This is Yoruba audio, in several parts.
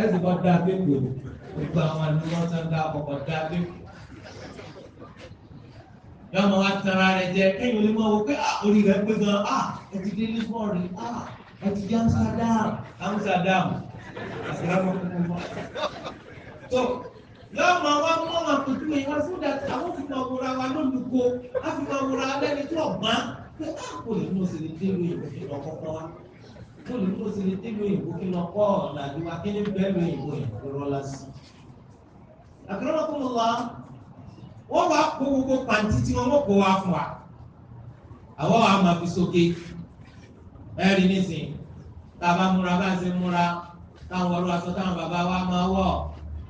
ẹ̀sìn kan dá kéèkó gbogbo àwọn ẹni wọ́n sọ dá ọkọ̀ dá kéèkó. Yọ́mọ wa tara rẹ̀ jẹ kéèyàn lè mọ̀ wò pé ah, orí rẹ̀ pé gan ah ẹ ti dé Lisbon rí ah ẹ ti dé Amsterdam Amsterdam àsìlámọ̀ kúkú mọ́. So yọ́mọ wa mọ́ wọn tuntun yìí wá sódà tí àwọn fi máa wúra wa lóńdùkọ á fi máa wúra lẹ́ni tí ọ̀gbọ́n pé ah, káàkó lè mú òsèlè dé ìlú ìlú ìlú ọ̀kọ̀ọ̀kan wa kí olùkó sì ní délùú òyìnbó kí lọ kọ́ ọ̀làjú wa kí ní bẹ́ẹ̀lú òyìnbó yẹn rọ́lá sí. àkàrà kó mo wá wọ́n wá kó gbogbo pàǹtí tí wọ́n kó wá fún wa àwọn wa máa fi sókè ẹ̀rí nísìnyí tá a bá múra bá a ṣe múra táwọn ọlọ́ aṣọ táwọn bàbá wa máa wọ̀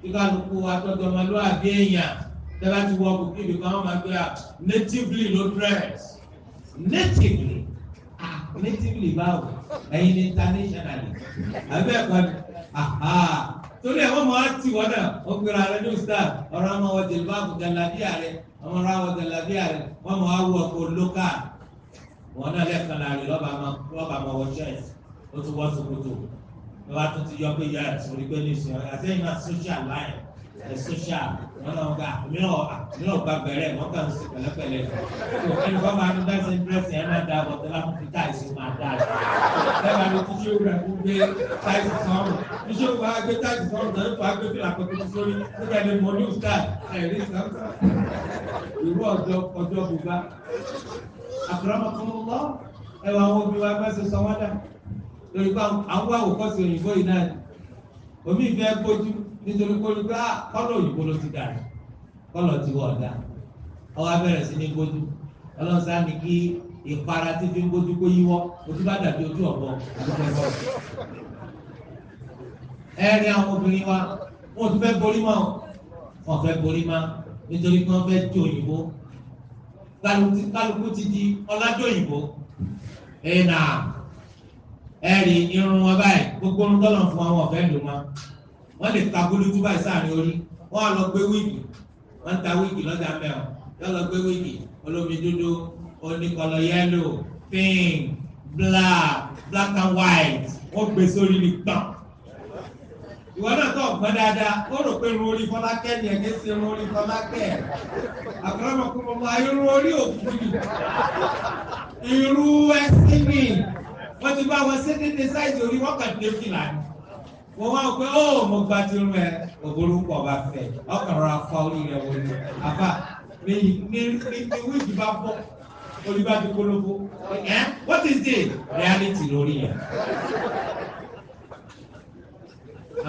kí kálukú wa tọ́jú ọmọlúwàbí èèyàn tẹ́lá ti wọ bùkú ibi kan wọ́n máa gbé à natively ló dress natively ah natively báwo ẹ̀yin ni internationally abẹ́ ẹ̀kọ́ ni torí ẹ̀ wọ́n mọ̀ á tì wọ́n náà ó gbéra rẹ ní ustaz ọ̀rọ̀ ọmọ wọn jẹ̀lú bá bùkẹ́ làbíyà rẹ ọmọ ọ̀rọ̀ àwọn jẹ̀lábíyà rẹ wọ́n mọ̀ á wọ ọkọ̀ lókà wọn náà lẹ́ẹ̀kan láàrin lọ́ba máa wọ ṣẹ́ẹ̀sì ó ti wọ́ sokoto lọ́ba tó ti yọ pé yára sórí pé ní ìsìn àtẹ́yìn náà social line ẹ sọ́ṣà wọn náà gba mìíràn gba bẹ̀rẹ̀ wọn kàn sí pẹ̀lẹ́pẹ̀lẹ́ tó ẹni fọ́ máa ń bá dírẹ́sì ẹ̀ máa da bọ̀ tó fi táì máa da ẹ̀ lẹ́wọ̀n ni tíṣe rẹ̀ kú gbé táì sí sọ́run tíṣe rẹ̀ wá gbé táì sí sọ́run tó ń fa gbé fìlà pẹ̀lú tó sórí nígbà ní mo ní ìta ẹ̀rí sọ́kà ìrú ọjọ́ ọjọ́ bùbá àkùrọ̀mọkùnmọ́ ẹwà àwọn obìnrin wa bá ṣe sọ wọ́n dà lórí pé àwọn àwòkọ́sí òyìnbó yìí nítorí pé olùgbà kọ́lọ̀ òyìnbó ló ti dàrú kọ́lọ̀ ti wọ̀ ọ̀dà ọwọ́ abẹ́rẹ́ sí ní gbójú ọlọ́sàn ni kí ìpara tí fi gbójú kó yíwọ́ ojú bá dàbí ojú ọ̀bọ àgbẹ̀bọ̀. ẹ rí àwọn obìnrin wa wọn ò tún fẹ́ borí mọ́ wọn fẹ́ borí mọ́ nítorí pé wọ́n fẹ́ di òyìnbó kálukú ti di ọlájọ́ òyìnbó ẹ̀ nà ẹ rí irun wọn báyìí gbogbo orun tọ́lọ̀ fún wọn wọn fẹ́ lò wọn wọ́n lè ta gúlúgú báyìí sáàrin orí wọ́n á lọ gbé wíìgì wọ́n ń ta wíìgì lọ́jà mẹ́ọ̀ yọ lọ gbé wíìgì olómi dúdú oníkọlọ yẹ́lò pink black black and white wọ́n gbé sórí ní gbọ̀n. ìwọ náà tó ọ̀gbọ́n dáadáa ó rò pé irun orí fọlákẹ́ ni ẹ̀kẹ́ sí irun orí fọlákẹ́ àkọ́rọ́mọkú mọ́mọ́ irun orí òkú ni irú ẹsìn ni wọ́n ti bá wọn ṣe déédéé sáìsì orí wọ́n kàn dé fìlà ni wọ́n wá pé ó mo gba ti rún ẹ òbúrú pọ̀ bá fẹ̀ ọkàn rọra ni orí rẹ̀ wọlé àbá ní ní ní wíìgì bá bọ́ olùbàdàn polówó ẹ what is the reality lórí yẹn.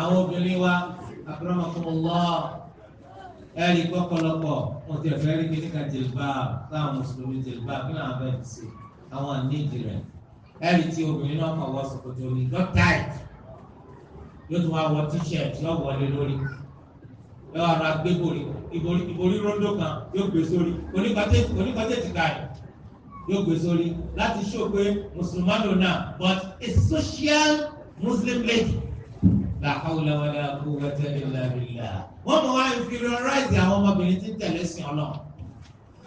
àwọn obìnrin wa akramakumullah ẹ̀rí pọ́pọ́lọpọ̀ wọn ti ẹ̀fẹ́ rí kíníkà jìlbà láwọn mùsùlùmí jìlbà kí làwọn bẹ̀rẹ̀ sí àwọn àníjì rẹ̀ ẹ̀rí tí obìnrin náà kọ̀ wọ́ sọ̀kòtò mi not tight yóò tún wá wọ t-shirt yóò wọlé lórí yóò ara gbé borí ìborí rondo kan yóò gbé sórí onígbàtẹ́ ti ká ẹ̀ yóò gbé sórí láti ṣó pé mùsùlùmánù náà but a social muslim lady la hawla wala quwwata illa billah wọ́n mọ̀ wá inferiorize àwọn ọmọbìnrin tí ń tẹ̀lé sí ọlọ́run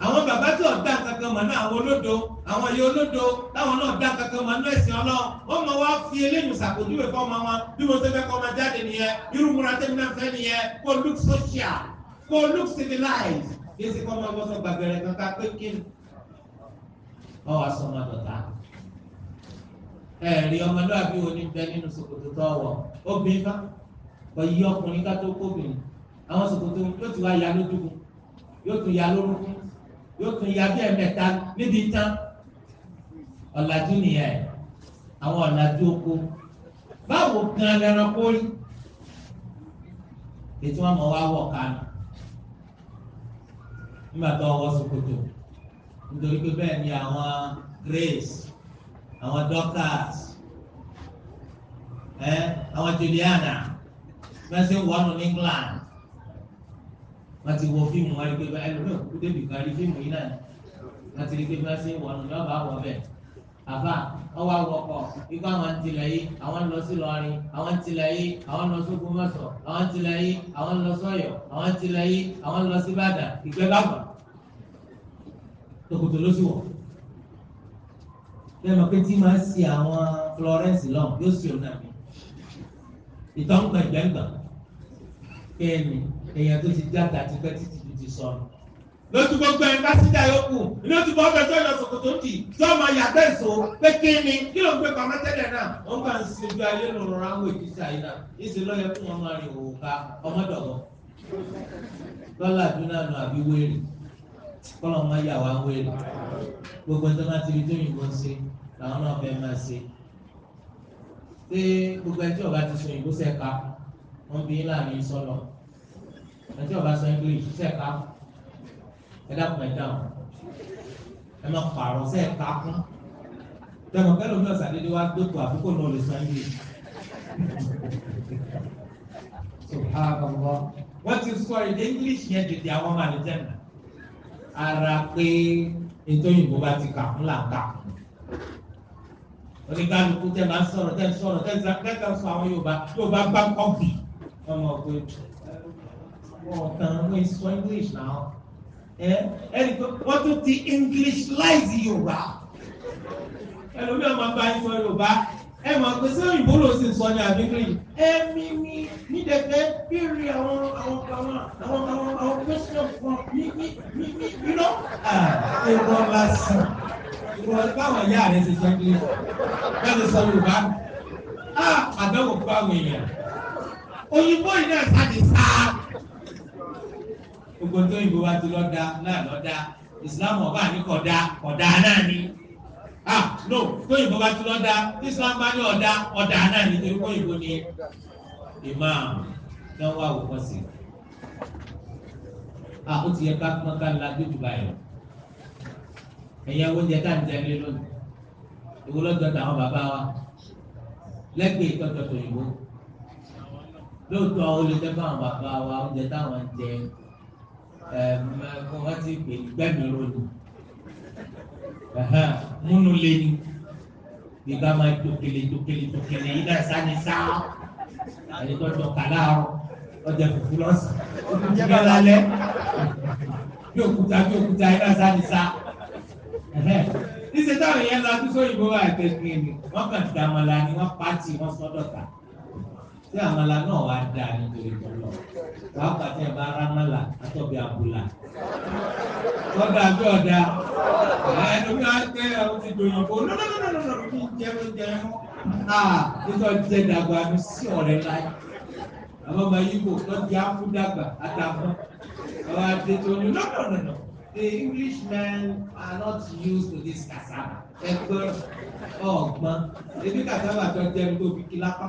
àwọn bàbá tí ọ̀dà kankan mọ̀ náà àwọn olódo àwọn ẹ̀yẹ olódo táwọn náà dá kankan mọ̀ náà ẹ̀sìn ọlọ́run wọ́n mọ̀ wá fi eléyìí ṣàpèjúwe fọ́ ọmọ wọn bí mo ṣe fẹ́ kọ́ ọmọ jáde nìyẹn irú múra tẹ́mi náà fẹ́ nìyẹn kó look social kó look civilized kí kọ́ ọmọ ọgbọ́sọ gbàgbẹ́rẹ́ kankan pé kí ni ọ wá sọ ọmọ dọ̀tà ẹ̀rí ọmọlúwàbí oní bẹ nínú ṣòkòtò tó wọ̀ obìnrin bá ọyí ọkùnrin ká tó kóbìnrin àwọn ṣòkòtò yóò tún wá yóò tún ya bí ẹ̀mẹ́ta níbi tán ọ̀làjú nìyẹn àwọn ọ̀làjú oko báwo gan lẹ́ranko rí ètò wọn mọ̀ wá wọ̀ kánú nígbà tó ọwọ́ ṣòkòtò nítorí pé bẹ́ẹ̀ ni àwọn grace àwọn doctors ẹ àwọn juliana mẹ́sìn wọnú ní England wọ́n ti wọ fíìmù wọn pé bá ẹlòmíì òkú débi kan rí fíìmù yìí náà wọ́n ti rí pé bá ṣe wọ̀ ní ọba àwọ̀ bẹ̀ àbá ọwọ́ àwọ̀kọ̀ ikú àwọn tilẹ̀ yìí àwọn lọ sí lọrin àwọn tilẹ̀ yìí àwọn lọ sí Ògbómọ̀ṣọ́ àwọn tilẹ̀ yìí àwọn lọ sọ́yọ̀ àwọn tilẹ̀ yìí àwọn lọ sí Ìbàdàn ìgbẹ́ bàbà tòkòtò ló sì wọ̀ bẹ́ẹ̀ mọ̀ pé tí máa ń àwọn Florence lọ́n yóò sì ọ̀nà mi ìtọ́ ń gbàgbẹ́gbà kẹ́ni èèyàn tó ti játa ti pẹ́ títí ti sọnù. lójú gbogbo ẹ̀ bá sídà yókù tó lọ sòkòtò dì tí ọmọ ìṣó pé kí ni kí ló ń gbé pamọ́ tẹ́lẹ̀ náà ó ń bá ń ṣe bí ayé lòrò ráńwé ìdíjà yìí náà ìṣe lọ́yẹ fún wọn máa rìn òwò ká ọmọdọ̀wọ́ lọ́lá àdúnàánú àbí wéèrè kọ́lọ̀ máa yà wá wéèrè gbogbo ẹ̀ máa ti rí tó ń ṣe làwọn náà fẹ́ máa ṣe pé gbogbo ẹ̀ tí ti sọ ìgbésẹ̀ ká wọ́n bí láàrin sọ́lọ̀ ẹ tí ọba sọ english sẹ́ẹ̀ká ẹ dákun ẹ dáhùn ẹ máa pààrọ̀ sẹ́ẹ̀ká kún tẹmọ kẹlẹ omi ọsàn dédé wá gbẹkọ àfikún náà lè sọ english subhanallah wọ́n ti sọ èdè english yẹn dèdè àwọn ọmọ àlejò náà ara pé ètò òyìnbó bá ti kà ńlá kà oníkálukú tẹ máa ń sọ̀rọ̀ tẹ ń sọ̀rọ̀ tẹ ń sọ àwọn yorùbá yorùbá gbá kọ́ọ̀bì ọmọ ọ̀gbìn wọn kàn wọ́n sọ english náà ẹ ẹni pé wọ́n tún ti english láìsí yorùbá ẹlòmí ọmọ bá ń sọ yorùbá ẹ mọ̀ pé sí òyìnbó ló sì sọ ní àbíkiri ẹ mi mi ní dẹ̀fẹ́ bírí àwọn àwọn àwọn àwọn àwọn àwọn pẹ́sìlẹ̀ fún mi mi mi mi mi lọ. ẹ̀rọ lásán ìwọ báwọn ìyá rẹ ṣe jẹ́ english bá ti sọ yorùbá àdánwò fún àwọn èèyàn òyìnbó yìí náà sáà ti sáà gbogbo tó ìbò wa ti lọ da náà lọ da ìsìlámù ọba ní kọ̀dá kọ̀dá náà ni ah no tó ìbò wa ti lọ da ìsìlámù bá ní ọ̀dá ọ̀dá náà ni torí kó ìbò ni imam náà wà wò wọ́n sí ah ó ti yẹ ká kọ́ ká la dójú báyìí ẹ̀yẹ oúnjẹ ká ń jẹun lónìí ìwọ lọ́jọ́ tàwọn bàbá wa lẹ́gbẹ̀ẹ́ ìtọ́jọ́ tó ìwọ lóòótọ́ olùjẹ́ àwọn bàbá wa oúnjẹ táwọn ń wọ́n ti pè gbẹ́mìíró ni múnú lé ní ìgbà máa tókèlè tókèlè tókèlè yìí náà sáni sáá ẹni tó tó kàlá ọ ọjà fùfú lọ́sàn-án ọjà bá lálẹ́ bí òkúta bí òkúta yìí náà sáni sáá níṣẹ́ táwọn èèyàn lọ àtúnṣe òyìnbó wà àtẹ̀kùn ẹ̀mí wọ́n kàn dàmọ̀lá ni wọ́n pàtì wọ́n sọ́dọ̀ta tí àmàlà náà wá da nítorí tọ́lọ̀ pàápàá tí ẹ bá rámàlà àtọ́bí àbúlà ọ̀dà àbí ọ̀dà ẹnu bí wọ́n gbé ẹ̀rọ ti dòyìnbó lọ́dọ̀dọ̀dọ̀dọ̀ kí n jẹ́ ló jẹ́ mọ́ náà nítorí ọ̀dà ìdàgbà mi sí ọ̀rẹ́ láyé àwọn ọmọ yìí kò tọ́jú àfúdàgbà àtàfún àwọn adé tó ní lọ́dọ̀dọ̀dọ̀ the Englishmen are not used to this cassava. Ẹgbẹ́ ọ̀gbọ́n ebi cassava tó jẹ́ ní kóbi kí lápá.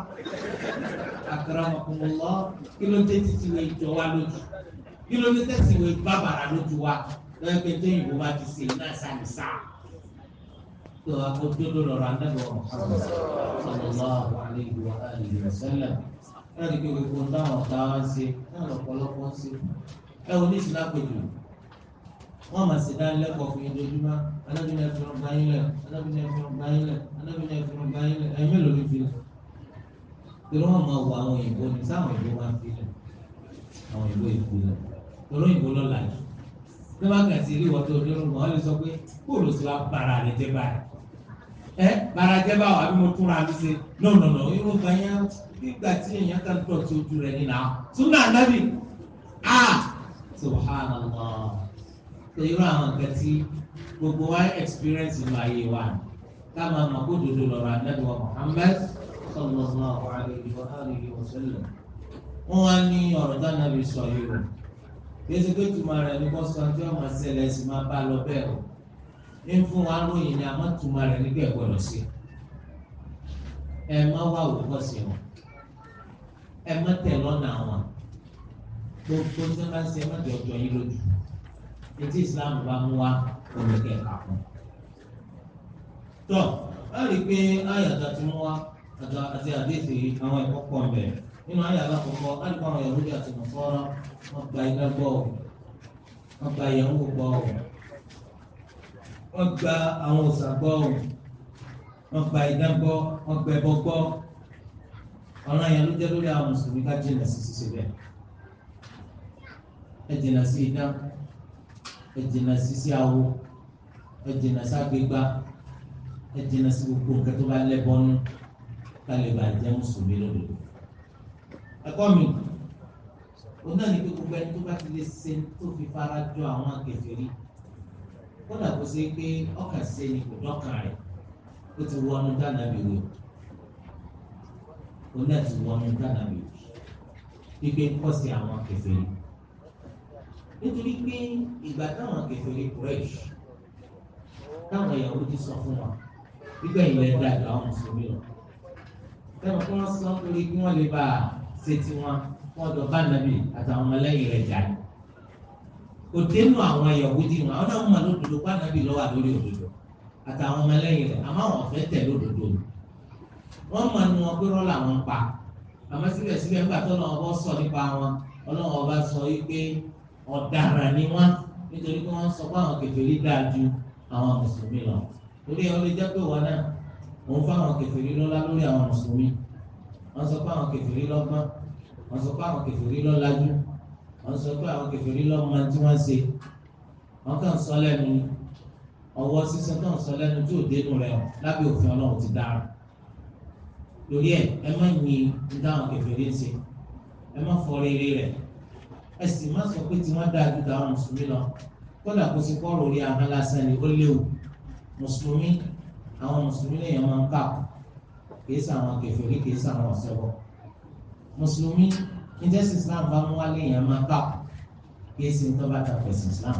Àkàrà ọkùnrin lọ kí ló dé títí wo ìjọ wa lójú. Kí ló dé tẹ̀sí wo bàbàrà lójú wa. Lọ́yẹ̀ pé jẹ́ ìwọ wa ti ṣe náà sàmì sá. Tó àkójọ ló lọ́rọ̀ anábọ̀ sallallahu alaihi wa alihi wa sallam. Láti pé gbogbo táwọn ọ̀tá wá ń ṣe náà lọ́pọ̀lọpọ̀ ń ṣe. Ẹ wo ní ìsìlápẹ̀jù? wọ́n máa ṣe dánilẹ́kọ̀ọ́ fún ojoojúmọ́ anábìnrin ẹ̀fìn ọgbà yín lẹ̀ anábìnrin ẹ̀fìn ọgbà yín lẹ̀ anábìnrin ẹ̀fìn ọgbà yín lẹ̀ ẹ̀mí ló ní fi lẹ̀ torí wọ́n máa wọ àwọn òyìnbó ni sáwọn òyìnbó máa fi lẹ̀ àwọn òyìnbó èkó lẹ̀ torí òyìnbó lọ́la yìí bí wọ́n kàn sí ilé ìwọ́ tó dúró mọ́ ọ́ lè sọ pé kóòlù sí wa bàrà lè jẹ́ báyìí ẹ bàrà jẹ́ báwo no no no irú kan yẹn nígbà tí èèyàn kan dọ̀tí ojú rẹ̀ ah subhanallah tó irú àwọn nǹkan tí gbogbo wa experience inú ayé wa ká máa mọ̀ kó dodo lọ́rọ̀ anábì wa Muhammad sallallahu alayhi wa alihi wa sallam wọ́n wá ní ọ̀rọ̀ tánàbí sọ yìí o gbèsè pé tùmọ̀ rẹ̀ ní kó sọ tí ọmọ ṣẹlẹ̀ sì máa bá lọ bẹ́ẹ̀ o ní fún wa lóyìn ni àmọ́ tùmọ̀ rẹ̀ nígbà ẹ̀gbọ́dọ̀ sí ẹ má wá òwúkọ́ sí wọn ẹ má tẹ̀ lọ́nà àwọn gbogbo tí wọ́n bá ń ṣe ẹ má jọjọ yín lójú etí islam bá mú wa omi kẹka fún un. tọ́ a rí i pé àyàtọ̀ ti mú wa àti àdéhìí àwọn ẹ̀kọ́ pọ̀ mbẹ̀ nínú àyà alákọ̀ọ́kọ́ alùpùpù àwọn yahudi àti nàfọ́rọ́ wọn gba iná gbọ́ ọ wọn gba ìyàwó gbọ́ ọ wọn gba àwọn òòsà gbọ́ ọ wọn gba iná gbọ́ wọn gba ẹbọ gbọ́ ọ̀ràn yẹn lórí àwọn mùsùlùmí ká jìnnà sí ṣiṣẹ́ bẹ́ẹ̀ ẹ jìnnà sí iná ẹ jìnnà sí sí awo ẹ jìnnà sí agbégbá ẹ jìnnà sí gbogbo nǹkan tó bá lẹ́bọ̀nú ká lè bàa jẹ́ mùsùlùmí lódodo. ẹ̀kọ́ mi ó náà ní pé gbogbo ẹni tó bá ti lè ṣe tó fi fara jọ àwọn akẹfẹ́rí kódà kó se pé ọkàn ṣe ni kò dọ́kàn rẹ̀ ó ti wọnú dáná mi wò ó náà ti wọnú dáná mi wò pípé ń àwọn akẹfẹ́rí nítorí pé ìgbà táwọn kèfèrí kúrẹ́ṣ táwọn ìyàwó ti sọ fún wa gbígbà ilẹ̀ dà láwọn mùsùlùmí lọ tẹ́wọ̀n kí wọ́n sọ nítorí kí wọ́n lè bá a ṣe tiwọn fún ọ̀dọ̀ bá nàbì àtàwọn ọmọlẹ́yìn rẹ̀ jà ní. kò dénú àwọn ìyàwó dì wọn àwọn náà mọ̀ lódodo bá nàbì lọ́wọ́ lórí òdodo àtàwọn ọmọlẹ́yìn rẹ̀ àmọ́ àwọn ọ̀fẹ́ tẹ̀ lódodo wọ́n mọ̀ nu wọn pé wọ́n làwọn pa àmọ́ síbẹ̀síbẹ̀ ńgbà tó lọ́wọ́ sọ nípa wọn ọlọ́wọ́ bá sọ wípé ọ̀daràn ni wọ́n nítorí pé wọ́n sọ pé àwọn kèfèrí dáa ju àwọn mùsùlùmí lọ torí ẹ̀ ó lè jẹ́ pé wọn náà òun fáwọn kèfèrí lọ́lá lórí àwọn mùsùlùmí wọ́n sọ pé àwọn kèfèrí lọ́gbọ́n wọ́n sọ pé àwọn kèfèrí lọ́làjú wọ́n sọ pé àwọn kèfèrí lọ́mọ tí wọ́n ṣe wọ́n kàn sọ lẹ́nu ọwọ́ sísọ náà sọ lẹ́nu tí ò rẹ̀ lábẹ́ òfin ọlọ́run ti dára lórí ẹ̀ ẹ má yin ní ẹ sì má sọ pé tí wọ́n dáa ju tàwọn mùsùlùmí lọ kódà kó sì kọ́ lórí ahọ́n lásán ni ó léwu mùsùlùmí àwọn mùsùlùmí lèèyàn máa ń kà kìí sàn àwọn kèfèrí kìí sàn àwọn ọ̀sẹ̀bọ mùsùlùmí ìjẹ́sì islam bá mú wá lèèyàn máa kà kìí sì ń tọ́ bá islam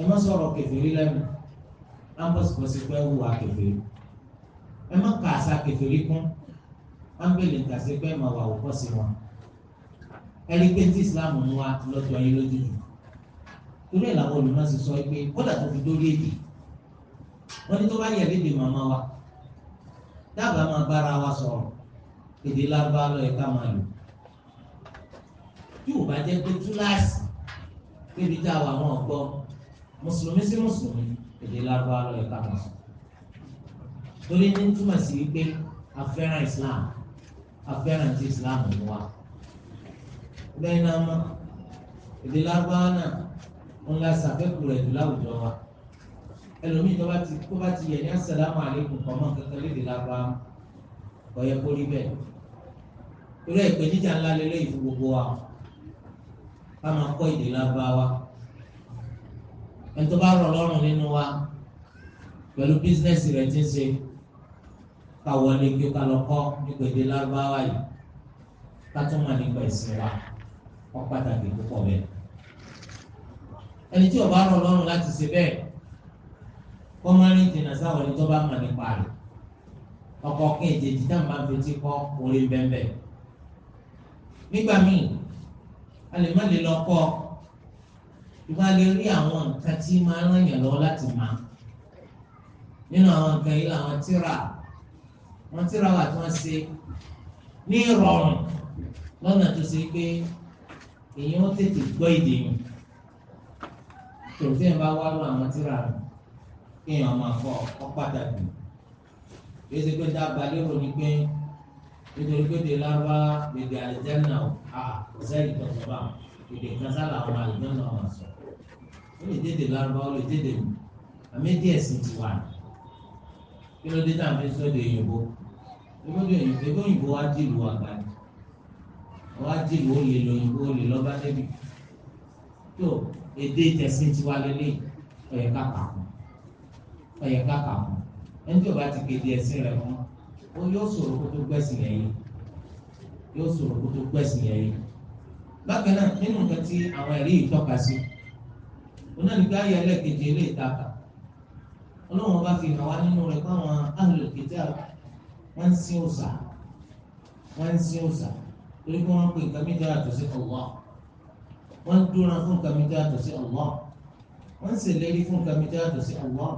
ẹ má sọ̀rọ̀ kèfèrí lẹ́nu ambọ̀sibọ̀sì pẹ́ wù wá kèfèrí ẹ má kà àṣà kèfèrí kún ámbẹ̀lì ń kà sí pẹ́ sí wọn ẹni pé tí islam mú wa lọ́jọ́ ayé lójú jù torí ẹ̀ làwọn olùmọ̀ sì sọ pé kódà tó fi dórí èdè wọ́n ní tó bá yẹ lédè màmá wa dábàá máa bára wa sọ̀rọ̀ èdè lábá lọ ẹ̀ka máa lò yóò bá jẹ́ pé túláàsì níbi tá a wà wọn gbọ́ mùsùlùmí sí mùsùlùmí èdè lábá lọ ẹ̀ka máa sọ torí ní túmọ̀ sí wípé a islam a fẹ́ràn tí islam mú wa gbẹ́nàmọ́ èdè lágbára náà wọn la sàfẹ́kù rẹ̀ jù láwùjọ wa ẹlòmíì tó bá ti kó bá ti yẹ ní asàlámù àlékún kọ́mọ́ kankan lédè lágbára ọ̀yẹ́ kó rí bẹ́ẹ̀ torí ẹ̀pẹ́ jíjà ńlá lélẹ́ ìfún gbogbo wa ká máa kọ́ èdè lágbára wa ẹni tó bá rọ̀ lọ́rùn nínú wa pẹ̀lú bísínẹ́sì rẹ̀ ti ń ṣe ká wọlé kí ó ká lọ kọ́ nípa èdè lágbára yìí ká tún mà nípa ìsìn wa wọn pàtàkì púpọ̀ bẹ́ẹ̀. ẹni tí ó bá rọ̀ lọ́rùn láti ṣe bẹ́ẹ̀ kọ́ máa ní jìnnà sáwọn ẹni tó bá mọ̀ nípa rẹ̀ ọkọ̀ kejì èjì tá à ń bá fetí kọ́ orí bẹ́ẹ̀ nígbà míì a lè má lè lọ kọ́ ìgbà lè rí àwọn nǹkan tí máa ràn yàn lọ́wọ́ láti máa nínú àwọn nǹkan yìí làwọn tíra wọn tíra wà tí wọ́n ṣe ní ìrọ̀rùn lọ́nà tó ṣe pé èèyàn tètè gbọ́ èdè yìí tòlùfẹ́ bá wá lọ àwọn tíra rẹ̀ kí èèyàn máa fọ ọ pàtàkì yóò ṣe pé dábàá lérò ni pé nítorí pé èdè lábá gbèdé àlìjẹ́nà à sẹ́yìn tọ̀tọ̀ bá èdè kásálà àwọn àlìjẹ́nà wà sọ ó lè tètè lárúbá ó lè tètè mú àmì díẹ̀ sí ti wà kí ló dé tá à ń fi sọ́dọ̀ èyìnbó ebó òyìnbó wá dìlù àgbáyé wọ́n á dì wọ́n olè lóyìnbó olè lọ́ba débi tó èdè tẹ̀sìn tiwa lélẹ̀ ọ̀yẹ̀ kápá ọ̀yẹ̀ kápá ẹni tí o bá ti kéde ẹ̀sìn rẹ̀ mọ́ ó yóò sọ̀rọ̀ kó tó gbẹ̀sìn yẹn yìí yóò sọ̀rọ̀ kó tó gbẹ̀sìn yẹn yìí bákan náà nínú nǹkan tí àwọn ẹ̀rí yìí tọ́ka sí onáníkà ayé ẹlẹ́ẹ̀kejì ilé ìtaka ọlọ́run bá fi hàn wá nínú rẹ̀ káwọn ahlul kitab wọ́n ń sin òòsà wọ́n ń sin òòsà torí pé wọ́n ń pè nǹkan méjì yàtọ̀ sí Allah wọ́n ń dúnra fún nǹkan méjì yàtọ̀ sí Allah wọ́n ń ṣèlérí fún nǹkan méjì yàtọ̀ sí Allah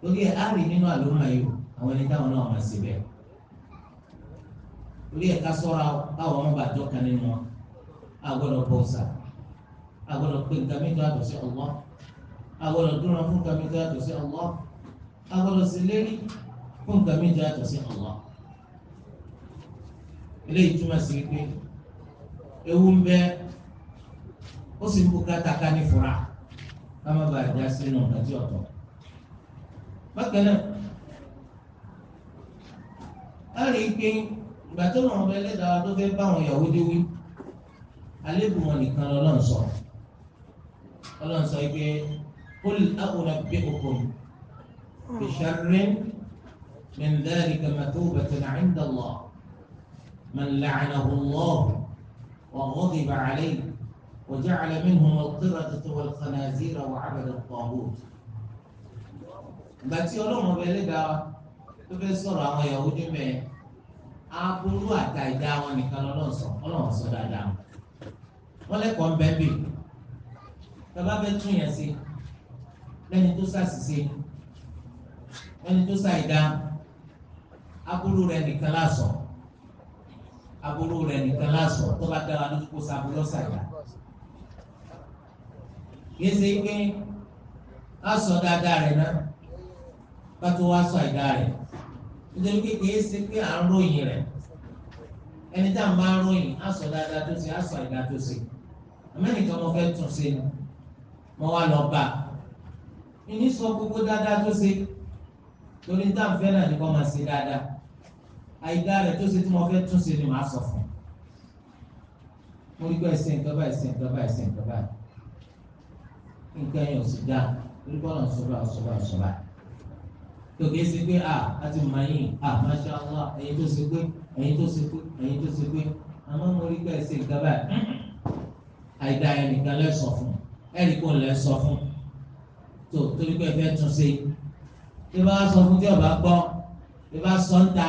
torí ẹ̀ á rí nínú àlùmọ̀ yìí àwọn ẹni táwọn náà máa ṣe bẹ́ẹ̀ torí ẹ̀ ká sọ́ra báwọn ọmọ bàjọ́ kan nínú wọn àgọ́dọ̀ bọ̀ọ̀sà àgọ́dọ̀ pé nǹkan méjì yàtọ̀ sí Allah àgọ́dọ̀ dúnra fún nǹkan méjì yàtọ̀ sí Allah àgọ́dọ̀ ṣèlérí fún nǹkan méjì yàtọ̀ sí Allah eléyìí túmọ̀ sí pé ewu ń bẹ ó sì ń bùkátà ká ní fura ká má bàa já sínú ọ̀nà tí ọ̀tọ̀ bákan náà a rí i pé ìgbà tó lọ́wọ́ bẹ lẹ́dàá tó fẹ́ bá àwọn ìyàwó dé wí alébù wọn nìkan lọ́lọ́run sọ lọ́lọ́run sọ pé ó lè àwòrán gbé òkò ìṣàrin min dhalika matubatan 'inda Allah. من لعنه الله وغضب عليه وجعل منهم القردة والخنازير وعبد الطاغوت ìgbà tí ọlọ́run ọba ẹlẹ́dàá tó fẹ́ sọ̀rọ̀ àwọn Yahudi mẹ́ẹ̀ aburú àta ìdá wọn nìkan lọ́lọ́run sọ ọlọ́run sọ dáadáa wọn lẹ́kọ̀ọ́ ń bẹ́ẹ̀ bì bàbá bẹ́ẹ̀ tún yẹn sí lẹ́ni tó ṣàṣìṣe lẹ́ni tó ṣàìdá aburú rẹ̀ nìkan lásọ̀ọ́ aburú rẹ̀ nìkan lásọ tó bá dára ní kó sábú lọ́sàgbà. yìí ṣe pé a sọ dáadáa rẹ̀ náà bá tó wá sọ àìdá rẹ̀ nítorí pé kìí ṣe pé à ń ròyìn rẹ̀ ẹni tá à ń bá ròyìn a sọ dáadáa tó ṣe a sọ àìdá tó ṣe àmẹ́nìkan mo fẹ́ tún ṣe ni mo wá lọ bá a ìní sọ gbogbo dáadáa tó ṣe torí tá à ń fẹ́ náà ni kò máa ṣe dáadáa àyíká rẹ̀ tó ṣe tí mo fẹ́ tún ṣe ni màá sọ fún un mo rí pé ẹsẹ̀ nǹkan báyìí ẹsẹ̀ nǹkan báyìí ẹsẹ̀ nǹkan báyìí nǹkan yẹn ò sì dáa orí bọ́ọ̀lù ọ̀ṣọ́bà ọ̀ṣọ́bà ọ̀ṣọ́bà tòkè ṣe pé ah, a láti mọ a ah, masha Allah ẹ̀yin tó ṣe pé ẹ̀yin tó ṣe pé ẹ̀yin tó ṣe pé àmọ́ mo rí pé ẹsẹ̀ nǹkan báyìí àìdá yẹn nìkan lẹ́ sọ fún ẹ̀rí kò lẹ́ sọ fún tó torí pé ẹ fẹ́ tún ṣe tí sọ fún tí ọba gbọ́ tí sọ ń ta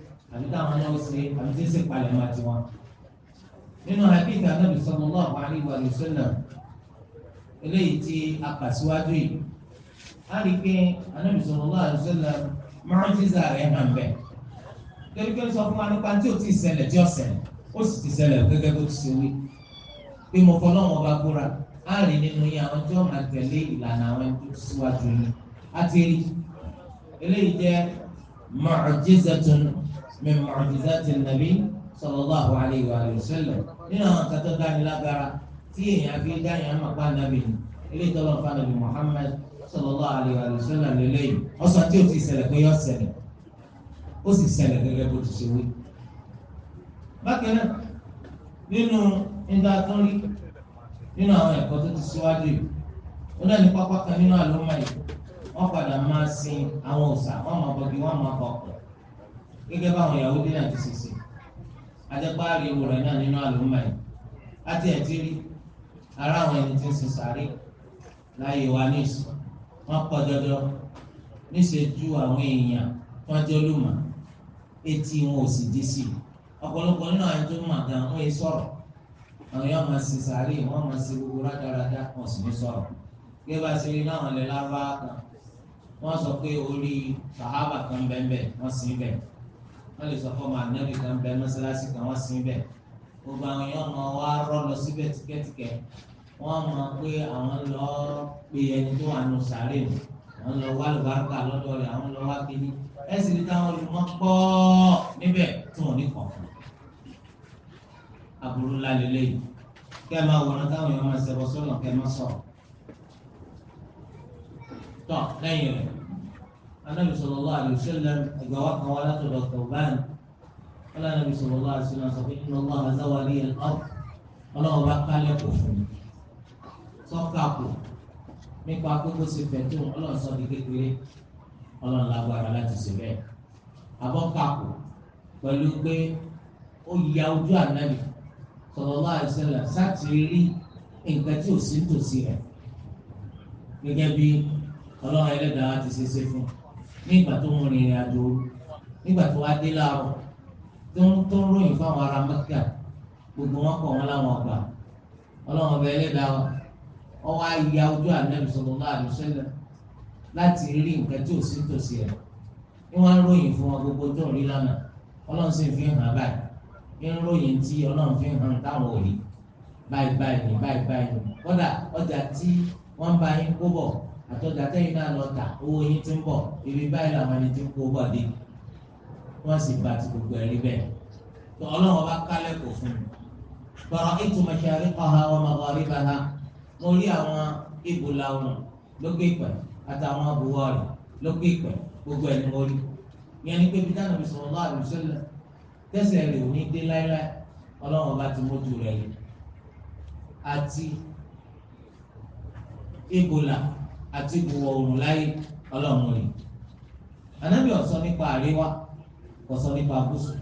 àbí táwọn náà ṣe àbí tí ń ṣèpalẹ̀ máa ti wọn. nínú àbíkà náà bìsọ̀mù náà wà ní ìwà lùsọ́nà eléyìí tí a kà síwájú yìí a rí pé anábìsọ̀mù náà lùsọ́nà mọ́rántíza rẹ̀ hàn bẹ́ẹ̀. torí pé ń sọ fún wa nípa tí ò tí ì ṣẹlẹ̀ tí ò ṣẹlẹ̀ ó sì ti ṣẹlẹ̀ gẹ́gẹ́ bó ti ṣe wí pé mo fọlọ́ wọn bá kóra a rí nínú yín àwọn tí wọ́n máa tẹ̀lé ìlànà àwọn tó ti síwájú yín a ti rí eléyìí jẹ́ mọ̀ọ́jísẹ́tún min mu'jizati nabi sallallahu alayhi wa sallam nínú àwọn kan tó dáni lágbára tí èèyàn fi dáni àmà pa nàbì ni eléyìí tó lọ fa nàbì Muhammad sallallahu alayhi wa sallam lélẹyìí ọsàn tí o ti ṣẹlẹ̀ pé yọ ṣẹlẹ̀ ó sì ṣẹlẹ̀ gẹ́gẹ́ bó ti ṣe wí. bákan náà nínú nígbà tó rí nínú àwọn ẹ̀kọ́ tó ti síwájú yìí ó náà ní pápá kan nínú àlùmọ́ yìí wọ́n padà máa sin àwọn òòṣà wọ́n máa bọ̀gì wọ́n máa bọ̀kù gẹ́gẹ́ báwọn Yahudi náà ti ṣèṣe adẹ́páàrí ewu rẹ̀ náà nínú àlùmọ́ yìí láti ẹ̀tí rí ara àwọn ẹni tí ń sin sáré láàyè wa ní ìsìn wọ́n pọ̀ jọjọ níṣẹ́ ju àwọn èèyàn tó ń jólùmọ̀ etí wọn ò sì dí sí i ọ̀pọ̀lọpọ̀ nínú àwọn tó mọ̀ gan wọ́n yé sọ̀rọ̀ àwọn yóò máa sin sáré wọ́n máa sin gbogbo rádaràdá wọn sì ní sọ̀rọ̀ gẹ́gẹ́ bá ṣe rí láwọn ilẹ̀ lábá kan wọ́n sọ pé orí sàhábà kan bẹ́ẹ̀ bẹ́ẹ̀ wọ́n sin bẹ́ẹ̀ wọ́n lè sọ fọ́ọ̀mù ànábì kan bẹ́ẹ̀ mọ́sálásí kan wọ́n sin bẹ́ẹ̀ gbogbo àwọn èèyàn máa wá rọ́ lọ síbẹ̀ tíkẹ́tíkẹ́ wọ́n mọ̀ pé àwọn lọ pe ẹni tó wà nù sàárè nù àwọn lọ wá lùbáríkà lọ́dọ̀ rẹ̀ àwọn lọ wá kíní ẹ sì rí táwọn olùmọ̀ pọ̀ níbẹ̀ tí wọ́n ní kàn fún aburú ńlá kẹ́ ẹ máa wọ̀nà táwọn èèyàn máa ṣẹbọ sọ́nà kẹ́ ẹ máa sọ̀rọ̀ النبي صلى الله عليه وسلم أجابتنا ولا تبقى الثوبان قال النبي صلى الله عليه وسلم صحيح إن الله زوى لي الأرض ọlọ́run bá kálẹ̀ kò fún mi sọ́kà kù nípa kókó sí fẹ̀tún ọlọ́run sọ di kékeré ọlọ́run lágbára láti ṣe bẹ́ẹ̀ abọ́kà kù pẹ̀lú pé ó ya ojú ànábì sallallahu alaihi wasallam sáti rí nǹkan tí ò sí nítòsí rẹ̀ gẹ́gẹ́ bí ọlọ́run nígbà tó ń rìnrìn àjò nígbà tó wá dé láàárọ̀ tó ń tó ń ròyìn fáwọn ará mẹ́kà gbogbo wọn kọ̀ wọn láwọn ọgbà ọlọ́wọ́n ọbẹ̀ ẹlẹ́dàá ọwọ́ àyà ojú ànábì sallallahu alaihi wasallam láti rí nǹkan tí ò sí tòsí ẹ̀ ni wọ́n ń ròyìn fún wọn gbogbo tó ń rí lánàá ọlọ́run sì fi hàn báyìí ń ròyìn tí ọlọ́run fi hàn táwọn ò rí báyìí báyìí báyìí báyìí kódà ọjà tí wọ́n bá yín kó bọ̀ àtọ́jà tẹ́yìn náà lọ tà owó yín ti ń bọ̀ ibi báyìí làwọn ẹni ti ń kó bọ̀ dé wọ́n sì bá ti gbogbo ẹ̀rí bẹ́ẹ̀ tó ọlọ́wọ́n bá kálẹ̀ kò fún mi bọ̀rọ̀ ìtumọ̀ ṣàrí ọ̀hà wọn máa wọlé bá ha mo rí àwọn ibò làwọn lókè pẹ̀ àtàwọn àbúwọ̀ rẹ̀ lókè pẹ̀ gbogbo ẹni mo rí ìyẹn ni pé bí dáná mi sọ̀rọ̀ lọ́wọ́ àlùsọ́lẹ̀ tẹ́sẹ̀ rẹ̀ ò ní dé láéláé ọlọ́wọ́n àti ìwọ̀ oòrùn láyé ọlọ́run rẹ̀ ànábì ò sọ nípa àríwá kò sọ nípa gúúsù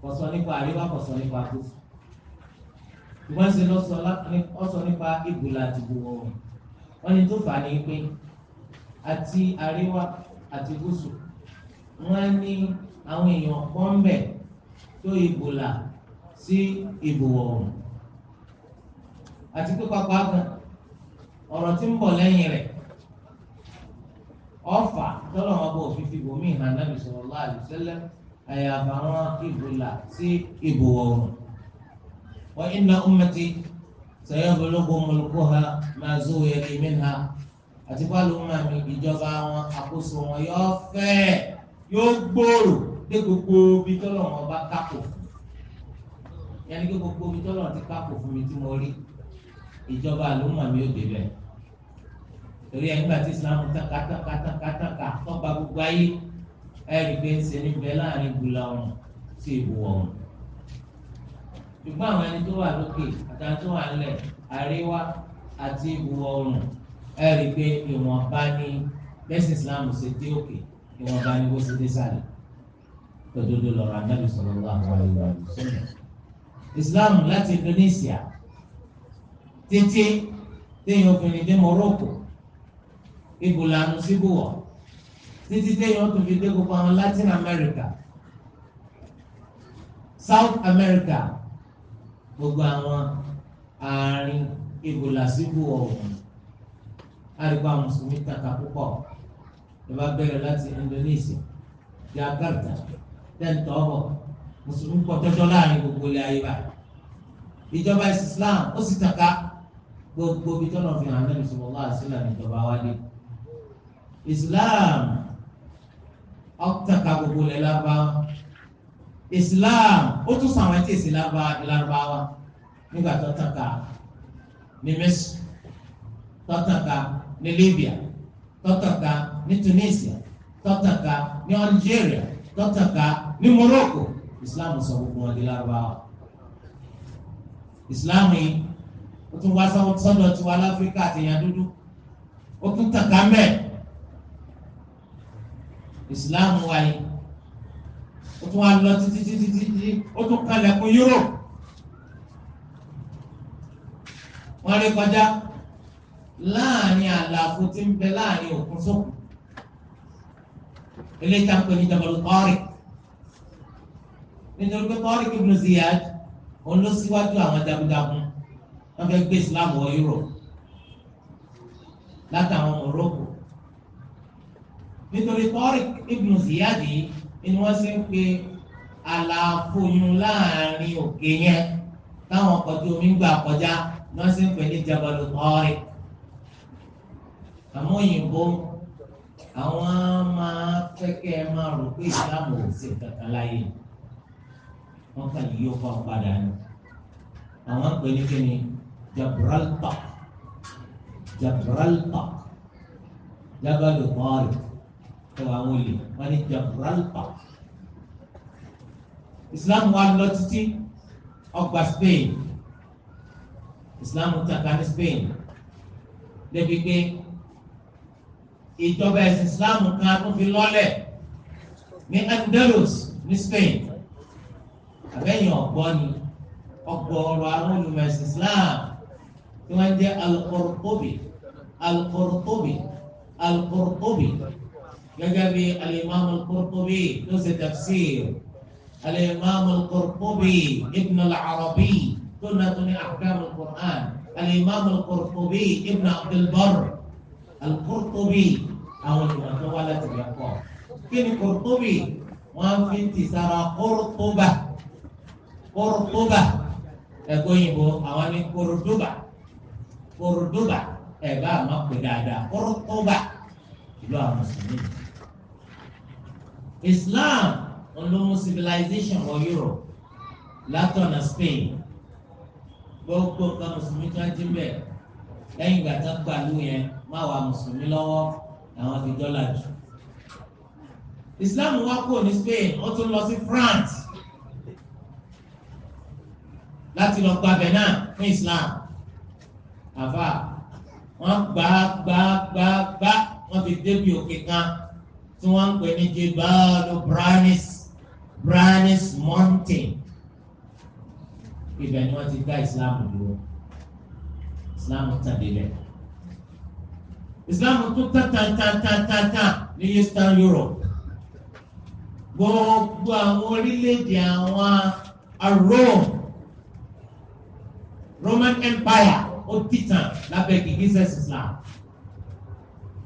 kò sọ nípa àríwá kò sọ nípa gúúsù ìwọ́n ṣe lọ sọ nípa ìbùlà àti ìwọ̀ oòrùn wọ́n ní tó fà á ní pé àti àríwá àti gúúsù wọ́n ní àwọn èèyàn pọ́ńbẹ̀ tó ìbùlà sí ìbùwọ̀ oòrùn àti pípa pàápàá ọ̀rọ̀ tí ń bọ̀ lẹ́yìn rẹ̀ ọ̀fà tọ́lọ̀ wọn bọ̀ fífi bòmí hàn Nabi sallallahu alaihi wasallam àyàfà wọn ìbòlà sí ìbò ọ̀rùn. wa inna ummati sayablughu mulkuha ma zuwiya li minha àti pálọ̀ wọn mi ìjọba wọn àkóso wọn yóò fẹ́ yóò gbòòrò dé gbogbo bí tọ́lọ̀ wọn bá kápò yẹn ní gbogbo bí tọ́lọ̀ ti kápò fún mi tí mo rí ìjọba àlùmọ̀ mi ò débẹ̀ torí ẹ̀ nígbà tí islam tàkà tàkà tàkà tàkà tó gba gbogbo ayé ẹ̀rí pé ń ṣe níbẹ̀ láàrin gbùlà ọ̀run sí ìwò ọ̀run. ṣùgbọ́n àwọn ẹni tó wà lókè àtàwọn tó wà nílẹ̀ àríwá àti ìwò ọ̀run ẹ̀rí pé ìwọ̀nba ni bẹ́sì islam ṣe dé òkè ìwọ̀nba ni bó ṣe dé sàlẹ̀ tòdodo lọ́rọ̀ anábì sallallahu alaihi wa sallam. islam láti indonesia títí téèyàn obìnrin dé morocco ibò lànà síbò wọ̀ títí téèyàn tó fi dé gbogbo àwọn Latin America South America gbogbo àwọn ààrin ibò làsíbò ọ̀hún àríwá mùsùlùmí kàkà púpọ̀ ìbá bẹ̀rẹ̀ láti Indonesia Jakarta tẹ́ǹtọ́ ọ̀hún mùsùlùmí pọ̀ tọ́jọ́ láàrin gbogbo ilé ayé báyìí ìjọba Islam ó sì tàka gbogbo ibi tọ́nà fi hàn náà sallallahu alaihi wasallam ìjọba wáyé islam ọ̀tàkà gbogbo ilẹ̀ lárúbáwá islam ó tún sàwọn ẹtí èsì lárúbáwá nígbà tó tàkà ní Misr tó tàkà ní Libya tó tàkà ní Tunisia tó tàkà ní Algeria tó tàkà ní Morocco islam sọ gbogbo wọn di lárúbáwá islam yìí ó tún wá sọ́dọ̀ tiwa láfíríkà àti ìyàn dúdú ó tún tàkà mẹ́ẹ̀ islam wáyé ó tún wá lọ títí títí títí ó tún kalẹ̀kùn europe wọ́n rí kọjá láàrin àlàfo tí ń bẹ láàrin òkun sókun eléyìí tá a pè ní Jabal Tariq nítorí pé Tariq ibn Ziyad òun ló síwájú àwọn jagunjagun wọ́n fẹ́ gbé islam wọ europe látàwọn morocco nítorí Tariq ibn Ziyad ni wọ́n ṣe ń pe àlàfo yun láàrin òkè yẹn táwọn ọkọ̀ tí omi ń gbà kọjá ni wọ́n ṣe ń pè ní Jabalu Tariq àmọ́ òyìnbó àwọn máa kẹ́kẹ́ máa rò pé ìsìlámù ò sí kankan láyé wọ́n kàn yí ó kàn padà ni àwọn pè ní kíni Gibraltar Gibraltar Jabalu Tariq ọ̀rọ̀ àwọn olè wọ́n ní Gibraltar Islam wá lọ títí ọgbà Spain Islam tàkà ní Spain débi pé ìjọba ẹ̀sìn Islam kan tó fi lọ́lẹ̀ ní Andalus ní Spain àbẹ́yìn ọ̀gbọ́n ni ọ̀gọ̀ọ̀rọ̀ àwọn olùmọ̀ ẹ̀sìn Islam tí wọ́n jẹ́ Al-Qurtubi Al-Qurtubi Al-Qurtubi gẹ́gẹ́ bí alimami kurtubi ló ṣe tafsir alimami kurtubi ibn al-arabi tó na tó ní ahkam al-qur'an alimami kurtubi ibn abdulbar al-kurtubi àwọn ìwà tó wà láti lè kọ́ kí ni kurtubi wọ́n fi ti sara kurtuba kurtuba ẹ̀kọ́ òyìnbó àwọn ní kurtuba kurtuba ẹ̀ bá a ma pè dáadáa kurtuba ìlú àwọn mùsùlùmí. Islam olóhùn civilization wọ Europe látọ̀nà Spain gbogbo nǹkan mùsùlùmí tó ń jí bẹ̀ lẹ́yìn ìgbà tó ń gbàlú yẹn má wà mùsùlùmí lọ́wọ́ àwọn ti dọ́là jù. Islam wá kúrò ní Spain ó tún lọ sí France láti lọ gbàbẹ̀ náà fún Islam àfà wọ́n gbà gbà gbà gbà wọ́n fi débi òkè kan tí wọ́n ń pè ní jibalu branis branis mountain ibẹ̀ ni wọ́n ti dá islam dúró islam tàbí lẹ́yìn. Islam tún tàtàtàtàtà ní Eastern Europe gbogbo àwọn orílẹ̀-èdè àwọn Rome Roman Empire ó títàn lábẹ́ kìkì sẹ́sì Islam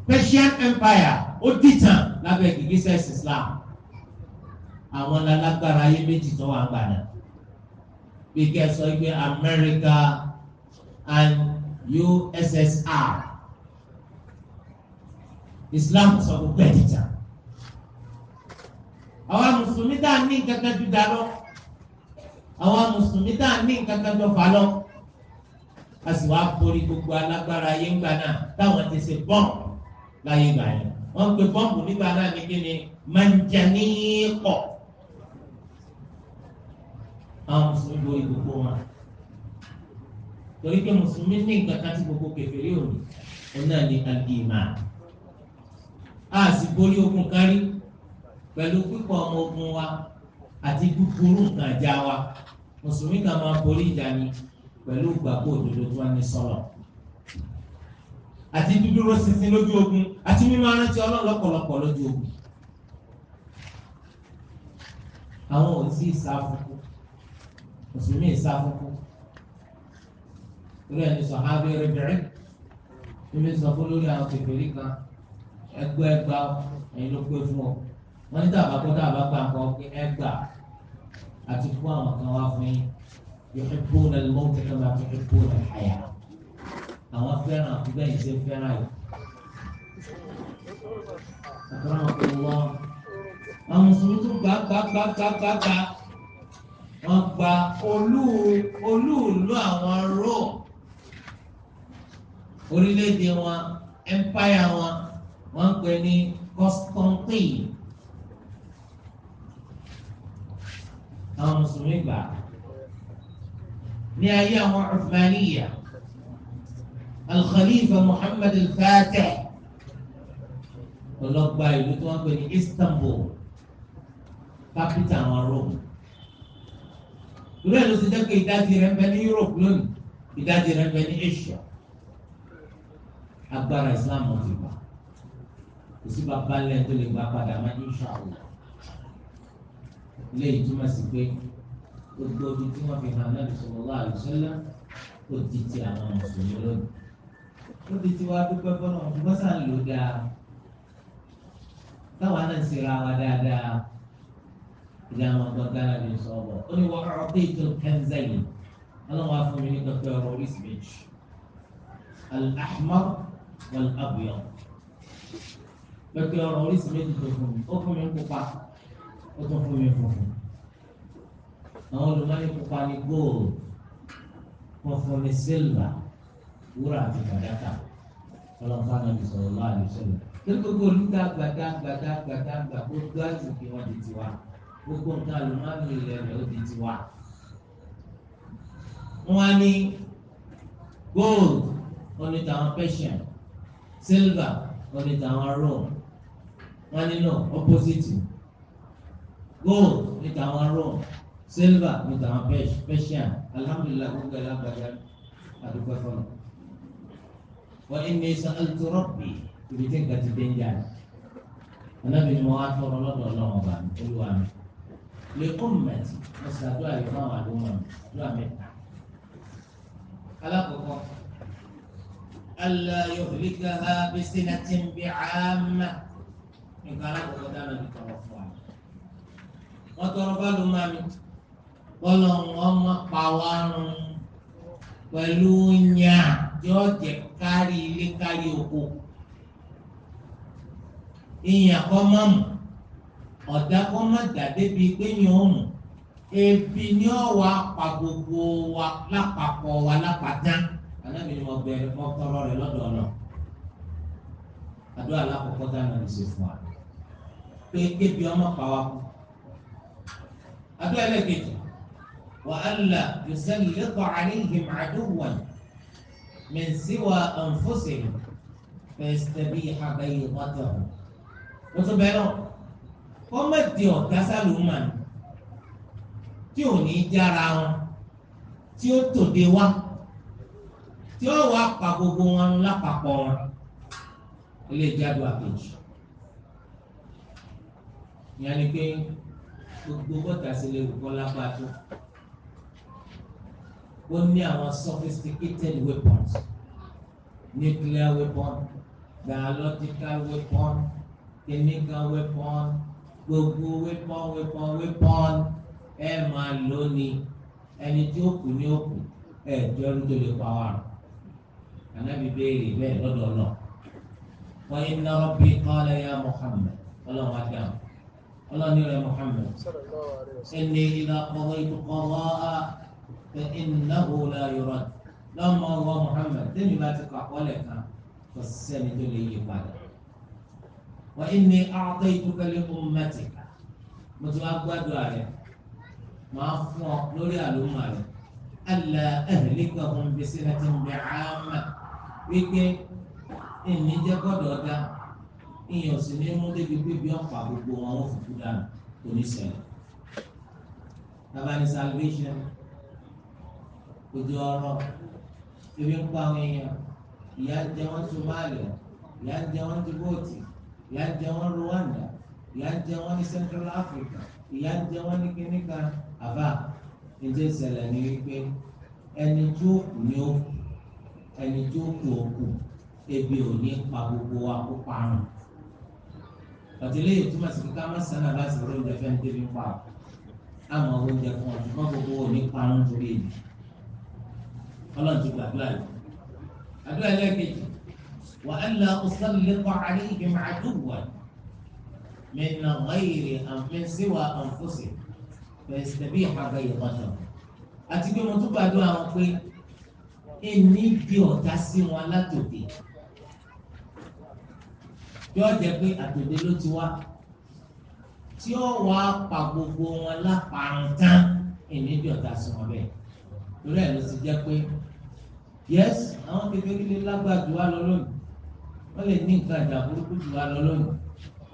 Persian Empire ó dìtàn lábẹ́ gìgísẹ̀ Islam àwọn lálágbára ayé méjì tó wà gbàdà bí kẹ́ sọ pé America and USSR Islam sọ gbogbo ẹ̀ dìtàn àwọn mùsùlùmí tá a ní nǹkan kan jù dá lọ àwọn mùsùlùmí tá a ní nǹkan kan jọ fà lọ a sì wá borí gbogbo alágbára ayé ńgbà náà táwọn ti ṣe bọ́ọ̀n láyé gbà yẹn wọ́n pe bọ́ǹbù nígbà náà ní kí ni manjaníkọ̀ àwọn mùsùlùmí lo ìgbòho wọn torí pé mùsùlùmí ní nǹkan kan tí gbogbo kèfèrí ò ní òun náà ní àgbìmà a sì borí ogun kárí pẹ̀lú pípọ̀ ọmọ ogun wa àti búburú nǹkan ìjà wa mùsùlùmí kan máa borí ìjà ni pẹ̀lú ìgbàgbọ́ òdodo tí wọ́n ní sọ́lọ̀ àti dúdúró ṣinṣin lójú ogun àti mímọ́ arántí Ọlọ́run lọ́pọ̀lọpọ̀ lójú ogun. àwọn ò sí ìsáfúnkú mùsùlùmí ìsáfúnkú lórí ẹni sọ hábẹ rẹbẹrẹ níbi sọ fún lórí àwọn kékeré kan ẹgbẹ ẹgbà ẹyin ló pé fún ọ wọn ní tàbá kó tàbá gbà kan pé ẹgbà àti kó àwọn kan wá fún yín yóò fi bóun náà lọ́wọ́ tẹ́lẹ̀ máa fi bóun náà háyà àwọn fẹ́ràn àkúgbẹ́ yìí ṣe fẹ́ràn yìí. àtàrà wọn kò wọ́n àwọn mùsùlùmí tún gbà gbà gbà gbà gbà gbà wọ́n gba olúùlú àwọn ró orílẹ̀-èdè wọn empire wọn wọ́n ń pè ní Constantine àwọn mùsùlùmí gbà ní ayé àwọn Uthmaniyya alkhalifa muhammad al-fatih ọlọ́gba ìlú tí wọ́n pè ní istanbul kápítà àwọn rome ìlú ẹ̀ ló ti dẹ́kun ìdajì rẹ̀ ń bẹ ní europe lónìí ìdajì rẹ̀ ń bẹ ní asia agbára islam ti gbà kò sí bàbá lẹ́yìn tó lè gbà padà máa ní ìṣàwọ̀ ilé ìtumọ̀ sí pé gbogbo ibi tí wọ́n fi hàn náà sallallahu alaihi wasallam ó ti ti àwọn mùsùlùmí lónìí ó ti ti wá dúpẹ́ fọ́nà ṣùgbọ́n sàn ló dáa táwọn náà ń sera wa dáadáa ìdáhùn ọgbọ́n dára ní sọ́ọ̀bọ̀ ó ní wọ́n ọ̀rọ̀ pé ètò kẹ́ńzẹ́yìn ọlọ́wọ́ fún mi ní pẹpẹ ọ̀rọ̀ oríṣi méjì al-ahmar wal-abyad ọ̀rọ̀ oríṣi méjì tó fún mi ó fún mi pupa ó tún fún mi funfun àwọn olùmọ̀ọ́ni pupa ní gold funfun ní silver wúrà àti datang. ọlọ́pàá náà ti sọ̀rọ̀ lọ́wọ́ àdìsọ́lù torí gbogbo olùdá gbàdá gbàdá gbàdá gbà gbogbo àtìkì wọn di tiwa gbogbo nǹkan àlùmọ́ọ́nù di tiwa. wọ́n gold oní tàwọn persian silver oní tàwọn rome wọ́n no opposite gold ní tàwọn rome silver ní tàwọn persian alhamdulilayi gbogbo ẹ̀ lágbàdá àdúgbò fọlọ́ wa inni sa'altu rabbi ibi tí nǹkan ti dé ń jà anábì ni wọn á tọrọ lọ́dọ̀ Ọlọ́run ọba olúwa mi lè kó mẹtì mo ṣàdúrà yìí fún àwọn àdúgbò mi àdúrà mẹ́ta alákọ̀ọ́kọ́ alla yuhlikaha bisinatin bi'amma nǹkan alákọ̀ọ́kọ́ dáná ní tọrọ fún wa wọ́n tọrọ bá lu mi bọ́lọ̀ wọn máa pa wá rún pẹ̀lú yóò jẹ kárí ilé kárí oko ìyàn kọ́ mọ́ mọ́ ọ̀dà kọ́ mọ́ dàdé bíi pé yàn ó mọ̀ ebi ni ọ wà pa gbogbo wa lápapọ̀ wa lápàtán anábì ni mo bẹ̀rẹ̀ mo tọrọ rẹ lọ́dọ̀ náà àdúrà lákòókò dáná lè ṣe fún wa pé kébi ọmọ pa wa kú àdúrà ẹlẹ́kejì wàhálà yóò lẹ́kọ̀ọ́ àríyìn àdúgbò من سوى أنفسهم فيستبيح بيضتهم وتبعوا هم الديو كسلوا من تيوني جراهم tí ó tòde wá tí ó wá pa gbogbo wọn lápapọ̀ wọn ilé ìjádù àkejì ìyẹn ni pé gbogbo bọ́tà sí lè wù kọ́ lápá tó ó ní àwọn sophisticated weapons nuclear weapon biological weapon chemical weapon gbogbo weapon weapon weapon ẹ máa lò ní ẹni tí ó kù ní òkú ẹ jọrú tó lè pa wà ànábi béèrè bẹ́ẹ̀ lọ́dọ̀ náà wọn yìí ní rabbi qala ya Muhammad Ọlọ́run adáhùn Ọlọ́run ní rẹ Muhammad inni idha qadaytu qadaa. فإنه لا يرد لما الله محمد تني ما تقعولك فالسنة لي بعد وإني أعطيتك لأمتك متوقع دعاء ما أفوق لوري ألومالي ألا أهلكهم بسنة بعامة wípé ẹni jẹ́ gbọ́dọ̀ dá ìyàn sì ní mú débi bíbí ọ̀pá gbogbo wọn ó fi kú dànù kò ní ṣẹlẹ̀. Bàbá ni salvation ojú ọ̀rọ̀ ebi ń pa àwọn èèyàn ìyà ń jẹ wọ́n Somalia ìyà ń jẹ wọ́n Djibouti ìyà ń jẹ wọ́n Rwanda ìyà ń jẹ wọ́n ní Central Africa ìyà ń jẹ wọ́n ní kíníkà àbá ẹjẹ ìṣẹ̀lẹ̀ ni wípé ẹni tó kù ni ó kù ẹni tó kù ó kù ebi ò ní pa gbogbo wa kó parun pàtẹ́lẹ́ yìí túmọ̀ sí kíkà má sánà láti rọ oúnjẹ fẹ́ẹ́ débi pa àmọ́ oúnjẹ fún ọdún mọ́ gbogbo ò ní parun torí èyí ọlọ́run ti gbàdúrà yìí àdúrà lẹ́ẹ̀kejì wà á lọ ọsán lẹ́kọ̀ọ́ àrí ìgbìmọ̀ àdúgbò mẹ́nà wáyèrè àmẹ́síwà àǹfọ̀sẹ̀ pẹ̀sẹ̀bí àgbà ìrọ̀tọ̀ àti pé mo tún gbàdúrà wọn pé ẹni di ọ̀tá sí wọn látòdè yóò jẹ́ pé àtòdè ló ti wá tí ó wá pa gbogbo wọn lápàrún tán ẹni di ọ̀tá sí wọn bẹ́ẹ̀ torí ẹ̀ ló ti jẹ́ pé yes àwọn kékeré lè lágbàá jù wá lọ lónìí wọ́n lè ní nǹkan ìjà burúkú jù wá lọ lónìí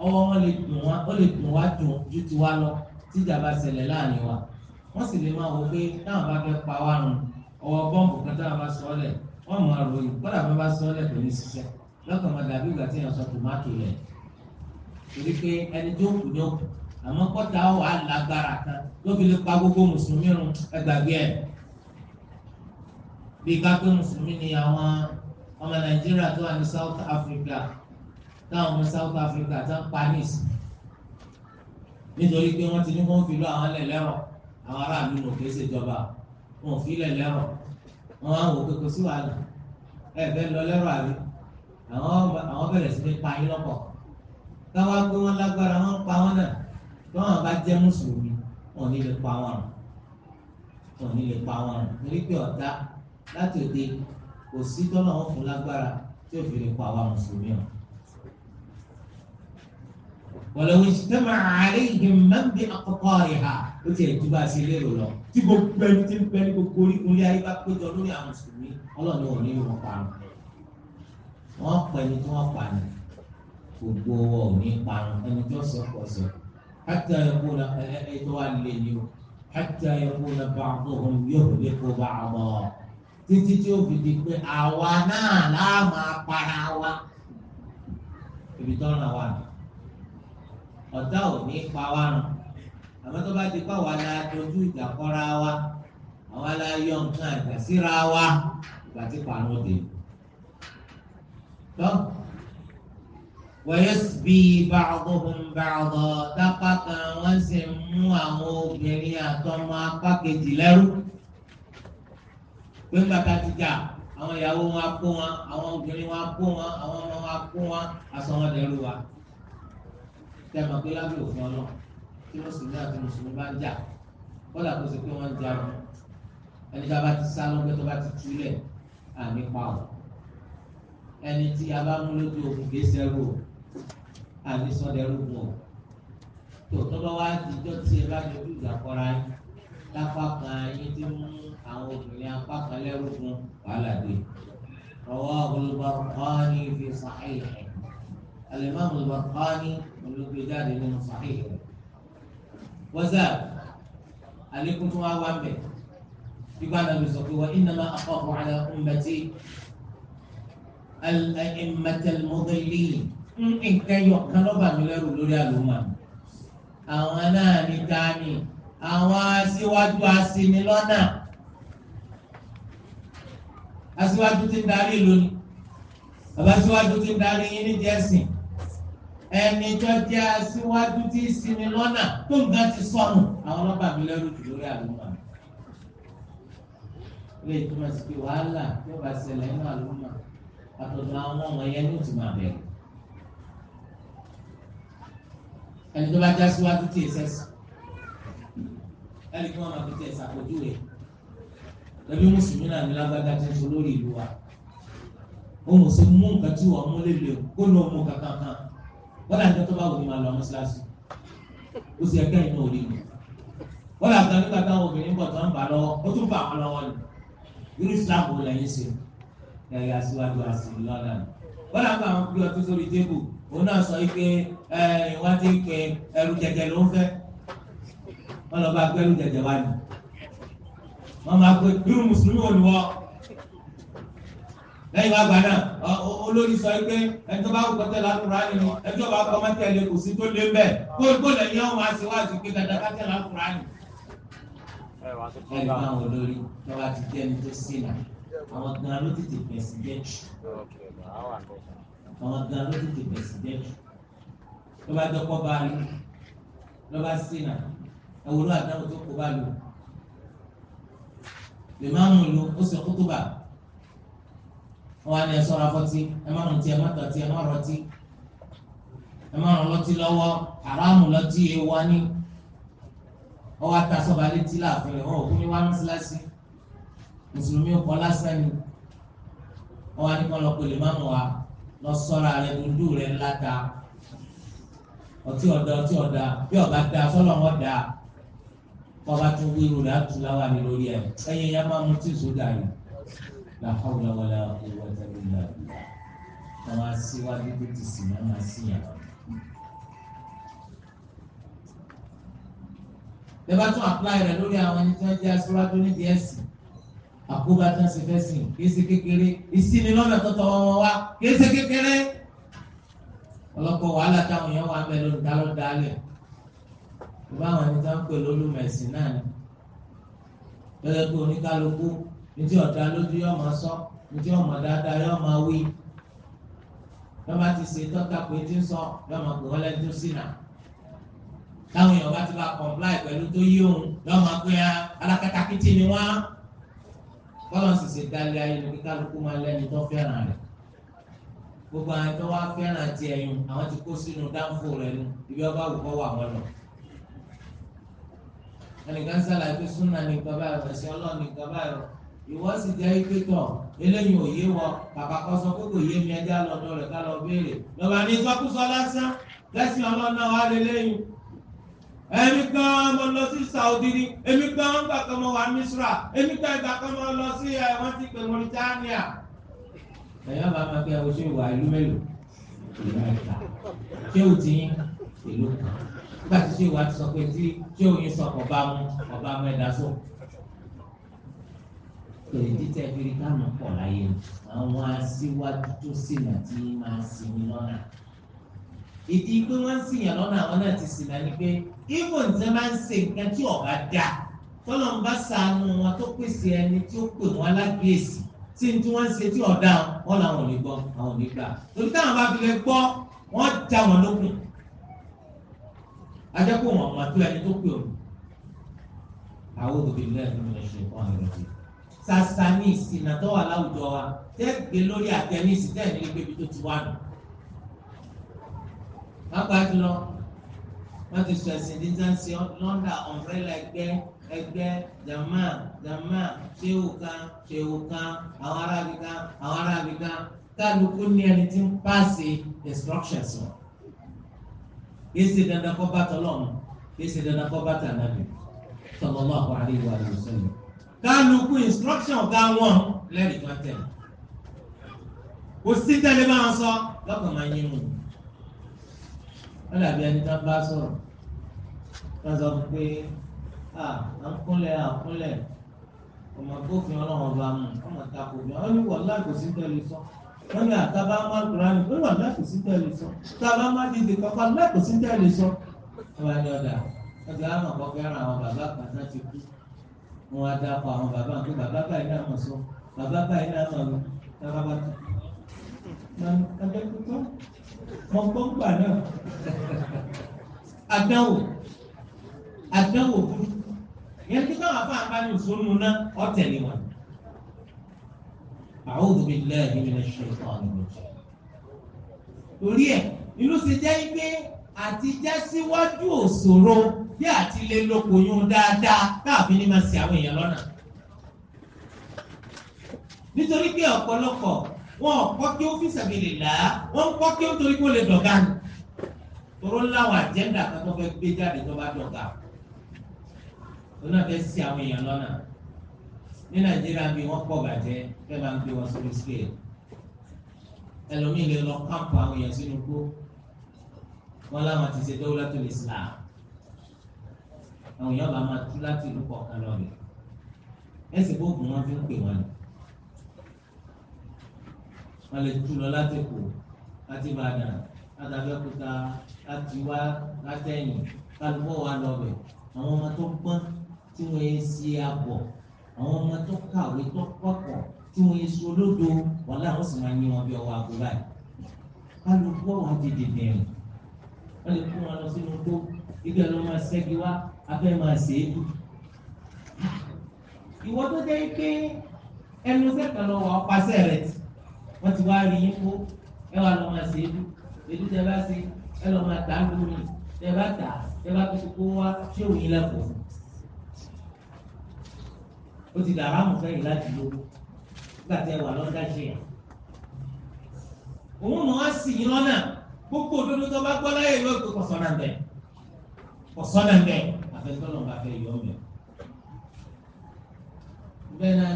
ọwọ́ wọn lè dùn wá ó lè dùn wá dùn ju ti wá lọ tíjà bá ṣẹlẹ̀ láàrin wa wọ́n sì lè máa wò pé táwọn bá fẹ́ pa wá run ọwọ́ bọ́ǹbù kan táwọn bá sọ ọ́lẹ̀ wọ́n mọ̀ ọ́n ròyìn kọ́dà bá bá sọ ọ́lẹ̀ kò ní ṣiṣẹ́ lọ́kàn máa dàbí ìgbà tí èèyàn sọ tòmátò rẹ̀ torí pé ẹni tó kù ní òkú àmọ́ kọ́tà wà lágbára kan ló fi lè pa gbogbo mùsùlùmí run ẹgbàgbé ẹ̀ bí kápé mùsùlùmí ni àwọn ọmọ nàìjíríà tó wà ní South Africa táwọn ọmọ South Africa tó panis. pa ní ìsìn nítorí pé wọ́n ti ní wọ́n fi lọ àwọn lẹ̀lẹ́rọ̀ àwọn aráàlú ní òkè ṣèjọba wọn ò fi lẹ̀lẹ́rọ̀ wọn á wò kókó sí wàhálà ẹ fẹ́ lọ lẹ́rọ̀ àbí àwọn bẹ̀rẹ̀ sí ní pa yín lọ́pọ̀ káwá pé wọ́n lágbára wọ́n pa wọ́n náà bí wọ́n bá jẹ́ mùsùlùmí wọn ò ní lè pa wọn ò ní lè pa wọn torí pé ọ̀tá láti òde kò sí tọ́lọ̀ wọn fún lágbára tí ò fi lè pa àwa mùsùlùmí o. wọ̀lọ́wọ́ ìṣẹ́mà àárẹ̀ ìgbìmọ̀bí àkọ́kọ́ rẹ̀ hà ó ti ẹ̀jú bá a ṣe lérò lọ tí gbogbo ẹni tí ń bẹ ní gbogbo orígun ilé ayé bá péjọ lórí àwọn mùsùlùmí ọlọ́ọ̀ni ò ní wọn pa wọn pẹ̀ ní tí wọ́n pa ní gbogbo wọn ò ní pa ẹni tí wọ́n sọ pọ̀ sọ hátà ẹ̀kọ́ ẹ̀ẹ́dọ́wà lè ní o hátà ẹ̀kọ́ ẹ̀ títí tí ó fi di pé àwa náà láà máa para wa ibi tó ràn wá ọ̀tá ò ní pa wá ràn àmọ́ tó bá ti pa wá la dojú ìjà kọ́ra wa àwa la yọ nǹkan ẹ̀gbẹ́ síra wa ìgbà tí pàánù dé tọ́ wẹ́yẹ́sìbí báàgọ́hùn báàgọ́ tápá wọ́n sì mú àwọn obìnrin àtọmọ apá kejì lẹ́rú pé ńgbà tá ti jà àwọn ìyàwó wọn á kó wọn àwọn obìnrin wọn á kó wọn àwọn ọmọ wọn á kó wọn aṣọ wọn dẹrù wa tẹmọ pé lábẹ́ òfin ọlọ tí mùsùlùmí àti mùsùlùmí bá ń jà kódà kó ṣe pé wọn ń jà wọn ẹni tí a bá ti sá lọ́gbẹ́ tó bá ti túlẹ̀ àmì pa ọ́ ẹni tí a bá mú lójú ogun gbèsè rò àmì sọdẹrù wọn tó tọ́ bá wá di jọ́ tí ẹ bá dojú ìjà kọ́ra yín lápá kan yín ti mú àwọn obìnrin apá kan lẹ́rù fún wàhálà dé rọwọ́ olùbárùkọ́ni fi sàáyé alimami olùbárùkọ́ni olùgbéjáde nínú sàáyé wọ́sà àlékún tó wá wá mẹ́ ìgbà náà lè sọ pé wọ́n iná máa kọ́ ọ̀rọ̀ àlẹ́ ọ̀mẹ́tì ẹ̀mẹ́tẹ̀lmọ́gẹ́lì nǹkan kan lọ́ba mi lẹ́rù lórí àlùmọ́ àwọn náà ní dání àwọn aṣíwájú aṣinilọ́nà aṣíwájú tí ń darí ìlú ni bàbá aṣíwájú tí ń darí yín ní jẹ́sìn ẹni tó jẹ́ aṣíwájú tí ń sinmi lọ́nà tó nǹkan ti sọnù àwọn ọlọ́pàá mi lẹ́rù jù lórí àlùmọ́ ilé ìtumọ̀ sí pé wàhálà yóò bá ṣẹlẹ̀ nínú àlùmọ́ àtọ̀dọ̀ àwọn ọmọ yẹn ní ìtumọ̀ àbẹ̀rẹ̀ ẹni tó bá jẹ́ aṣíwájú tí ì sẹ́sì ẹni tó wọn máa fi tẹ̀ ṣàpèjúwe ẹbí mùsùlùmí náà ní lágbádá ti sọ lórí ìlú wa òun sì mú nǹkan tí wọ́n mú lélẹ̀ kó ló mú kankan kan wọ́n láti tó bá wù ní máa lọ mọ́ṣáláṣí ó sì ẹgbẹ́ ìmọ̀ òde ìlú wọ́n láti nígbà táwọn obìnrin bọ̀ tó ń bà lọ́wọ́ ó tún bà wọ́n lọ́wọ́ ni irú Islam wo lẹ́yìn sí ẹ̀yà síwájú àsìlì lọ́dà wọ́n láti àwọn bí ọtí sórí tébù òun náà sọ pé ìwádìí pé ẹrù jẹjẹ ló ń fẹ́ wọ́n lọ bá gbẹ́rù jẹjẹ wá ni wọ́n máa pe bírú mùsùlùmí wò ni wọ́n lẹ́yìn wá gbà náà olórí sọ pé ẹni tó bá wù kọ́tẹ́ lálùkùrá ni ẹni tó bá kọ́ mọ́tẹ́lẹ̀ kò sí tó lé ń bẹ̀ kó lẹ́yìn ọ̀hún àti wá àti pé dandan kátẹ́ lálùkùrá ni. ẹni máa wọ lórí lọ́wọ́ àti jẹ́ ẹni tó sí nà àwọn gan ló tètè bẹ̀sì jẹ́ jù àwọn gan ló tètè bẹ̀sì jẹ́ jù lọ́ba dọ́kọ́ bá rí lọ́ba sí nà ẹ̀wòrán àdáwò tó kó bá lò lèmánu lu ó sì kútúbà wọn wá ní ẹ ṣọ́ra fọ́tí ẹ má rántí ẹ má tọ́tí ẹ má rọtí ẹ má rán lọ́tí lọ́wọ́ haramu lọ́tí yẹ wá ní ọwọ́ atasọ́ba létí láàfin rẹ̀ wọn ò kú ní wá mọ́sálásí mùsùlùmí ọkọ̀ lásán ni wọn wá ní kọ́ lọ́ọ́ pé lèmánu wa lọ ṣọ́ra rẹ̀ dúdú rẹ̀ ńlá ọtí ọ̀dà ọtí ọ̀dà bí ọba da sọ́lọ́ wọn dáa ọba tó wíru rẹ̀ àtúláwà ní lórí ẹ̀ ẹ̀yìn ya máa mú tí ìsódà rẹ̀ làkọ́wọ́lá wọlé ìwọ tẹ̀lé ìlà àwọn aṣíwájú tó ti sìn náà máa sìn yàn. ẹ bá tún apply rẹ̀ lórí àwọn ẹni tí wọ́n jẹ́ aṣíwájú nídìí ẹ̀sìn àkóbá tó ń ṣe fẹ́ sìn kì í ṣe kékeré ìsinilọ́nà tó tọ́ wọn wá kì í ṣe kékeré ọlọ́pọ̀ wàhálà táwọn èèyàn wà ń bẹ lónìí dálọ́ báwọn ẹni tá ń pè lólùmẹ̀sìn náà ni bẹ́ẹ̀ pé oníkálukú ní tí ọ̀dà lójú yóò máa sọ ní tí ọmọ dáadáa yóò máa wí yóò bá ti ṣe tọ́ka pé tí ń sọ yóò máa pè wọ́n lẹ́ni tó sínà táwọn èèyàn bá ti bá kọ̀ǹpláì pẹ̀lú tó yí òun yóò máa pè á ah, alákatakítí ni wọ́n bọ́lá sì ṣe dálé ayé ní kíkálukú máa lẹ́ni tó fẹ́ràn rẹ̀ gbogbo àwọn tó wá fẹ́ràn tiẹ̀ yun àwọn ti kó sínú dáńfò rẹ̀ nu ibi ọba àwùkọ́ wà wọ́n lọ ẹnìkan sàlàyé pé súnà ní nǹkan báyọ̀ ẹ̀sìn ọlọ́run ní nǹkan báyọ̀ ìwọ sì jẹ́ ike tọ̀ eléyìí ò yé wọ bàbá kan sọ pé kò yé mi ẹjá lọ́dọ̀ rẹ̀ ká lọ béèrè lọ́ba ní sọkúsọ lásán lẹ́sìn ọlọ́run náà wà lélẹ́yìn èmi gan mo lọ sí Saudi ni èmi gan ń gbà kan mo wà Misra èmi gan ìgbà kan mo lọ sí ẹ wọ́n ti pè Mauritania ẹ̀yọ́ bàbá kẹ́ ẹ̀ o ṣe ìwà ìlú mélòó ìwà ìta ṣé o ìlú kan nígbà tí ṣé ìwà ti sọ pé tí ṣé oyin sọ ọba mu ọba mu ẹ̀dá sọ. Èdè tẹ fi rí káàmù pọ̀ láyé ni àwọn aṣíwájú tó ṣìnà tí máa sinmi lọ́nà. Ìdí pé wọ́n ń sìyàn lọ́nà àwọn náà ti sìnà ni pé ibo ní sẹ́ máa ń ṣe nǹkan tí ọ̀gá dà tọ́lọ̀ ń bá sànù wọn tó pèsè ẹni tí ó pè wọ́n alágbèsì tí n tí wọ́n ń ṣe tí ọ̀dà wọn làwọn ò ní gbọ́ àwọn ò ní gbà. Torí táwọn bá fi lè gbọ́ wọ́n já wọn lókun ajẹ́kọ̀ wọn máa tó ẹni tó pè ọ́ àwọn òbílẹ̀ ẹ̀mí rẹ̀ ṣe kọ́ àrùn rẹ̀ sàṣà ní ìsìnà tó wà láwùjọ wa tẹ́gbẹ́ lórí àtẹnísì tẹ́ẹ̀ ní ibi tó ti wà nù. pápá jùlọ wọ́n ti sọ ẹ̀sìn dídánsì lọ́ndà ọ̀mbrẹ́là ẹgbẹ́ ẹgbẹ́ jama jama ṣéwù kan ṣéwù kan àwọn arábìkan àwọn arábìkan kálukú ní ẹni tí ń pàṣẹ instructions wọn yìí ṣe dandan kọ́ bàtà lọ́mù yìí ṣe dandan kọ́ bàtà nàbì sallallahu alaihi wa sallam. kálukú instruction ọ̀gá wọn lẹ́rìí tó tẹ̀lé kò sí tẹ́lẹ̀ bá wọn sọ lọ́kàn máa yín mu wọ́n dàbí ẹni tá bá sọ̀rọ̀ wọ́n sọ pé à ń kúnlẹ̀ à ń kúnlẹ̀ ọmọ tó fi ọlọ́run bá mu ọmọ takò bí wọ́n ní wọ́n láì kò sí tẹ́lẹ̀ sọ́ọ́ wọ́n ní àtàbá máa kúrò ní pé wà láti sí tẹ́lẹ̀ sọ tàbá máa dìde kọ́kọ́ láti sí tẹ́lẹ̀ sọ. wọ́n ní ọ̀dà ọ̀dà àmọ̀ kọ́ fẹ́ràn àwọn bàbá kan náà ti kú wọn á dápọ̀ àwọn bàbá pé bàbá báyìí náà mọ̀ sọ bàbá báyìí náà mọ̀ lọ bàbá bá tó. ẹgbẹ́ tuntun mọ gbọ́ngbà náà àdánwò àdánwò burú yẹn tí káwọn afáàfáà ní náà ọ̀tẹ̀ ni wọn. A'udhu billahi minash shaitani rajim. torí ẹ̀ ìlú ti jẹ́ pé àti já síwájú òṣòro bí àti lè lóko yún dáadáa káàfin ní máa ṣì àwọn èèyàn lọ́nà. nítorí pé ọ̀pọ̀lọpọ̀ wọn ò kọ́ kí ó fi sabilillah wọ́n ń kọ́ kí ó torí kó lè dọ̀gá ni. toró láwọn àjẹ́ńdà kan tó fẹ́ gbé jáde tó bá dọ̀gá. òun náà fẹ́ ṣì àwọn èèyàn lọ́nà ní nàìjíríà bí wọ́n pọ̀ bàjẹ́ fẹ́ máa ń gbé wọn sórí scale ẹlòmíì lè lọ káàpù àwọn èèyàn sínú kó wọn láwọn ti ṣe dọ́wọ́lá tó lè sílá àwọn èèyàn bá máa tú láti ìlú kọ̀ọ̀kan lọ rẹ̀ ẹ̀sìn gbóògùn wọn fi ń pè wọn ni wọn lè tú lọ láti kù láti Ìbàdàn láti Abẹ́òkúta láti wá látẹ̀yìn kálukọ́ wa lọ bẹ̀ àwọn ọmọ tó gbọ́n tí wọ́n yé sí abọ̀ àwọn ọmọ tó kàwé tó pọ̀pọ̀ tí wọ́n yẹ sọ lódo wọn láwọn sì máa ń yín wọn bí ọwọ́ àgọ́ báyìí kálukú àwọn tètè bẹ̀rẹ̀ wọ́n lè kó wọn lọ sínú tó ibi ẹ̀rọ máa ṣẹ́gi wá abẹ́ máa ṣe é kú. ìwọ tó jẹ́ pé ẹnu sẹ́kàn lọ wà ọ̀pàṣẹ rẹ̀ wọ́n ti wá rí yín kó ẹ lọ máa ṣe é kú èdè tẹ bá ṣe ẹ lọ máa tà á lórí tẹ bá tà tẹ bá tó kó wá ṣé òun yín lẹ́kọ̀ọ́ ó ti dàrá mọ̀ fẹ́yìn láti lówó nígbà tẹ wà lọ́dá ṣe yàn. òun mọ̀ á sì yín lọ́nà gbogbo òdodo tó bá gbọ́ láyé yóò tó kọ̀sọ́nà ń bẹ̀ kọ̀sọ́nà ń bẹ̀ àfẹ́sọ́nà bá fẹ́ yọ ọ́ bẹ́ẹ̀ náà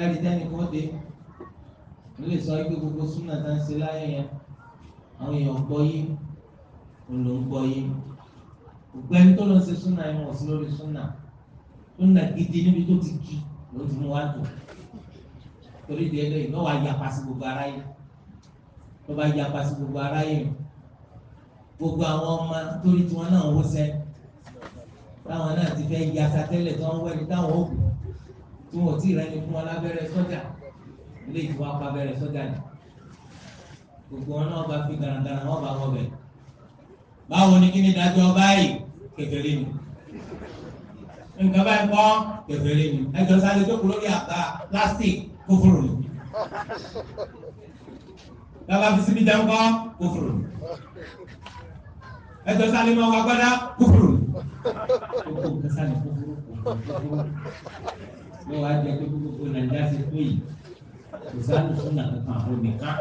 ẹ̀rí tẹ́ni kan dé ó lè sọ pé gbogbo súnà tá ń ṣe láyé yẹn àwọn èèyàn gbọ́ yìí òun ló ń gbọ́ yìí ògbẹ́ni tó ló ṣe súnà yẹn wọ̀ sí lórí súnà ó nà gidi níbi tó ti kí ló ti mú wá dùn torí di ẹlẹ́yìn náà wàá yapa sí gbogbo aráyé tó bá yapa sí gbogbo aráyé gbogbo àwọn ọmọ torí tiwọn náà wó sẹ́ táwọn náà ti fẹ́ ya satẹ́lẹ̀ tó ń wẹ́ni táwọn ó kù tí wọn ò tí ì rẹ́ni fún wọn lábẹ́rẹ́ sọ́jà ilé ìtura pa abẹ́rẹ́ sọ́jà ni gbogbo wọn náà bá fi garagara wọn bá wọ bẹ̀ báwo ni kí ni dájọ́ báyìí kékeré ni nǹkan báyìí kọ́ kẹfẹ́rẹ́ ni ẹjọ́ sáré jókòó lórí àga plastic kófòrò ni. bàbá fi síbi jẹun kọ́ kófòrò ni. ẹjọ́ sáré máa wá gbọ́dá kófòrò ni. gbogbo nǹkan sáré kófòrò kófòrò ló wàá jẹ pé gbogbo nàìjíríà ti tó yìí kò sáré fún nàìjíríà kan àwọn nìkan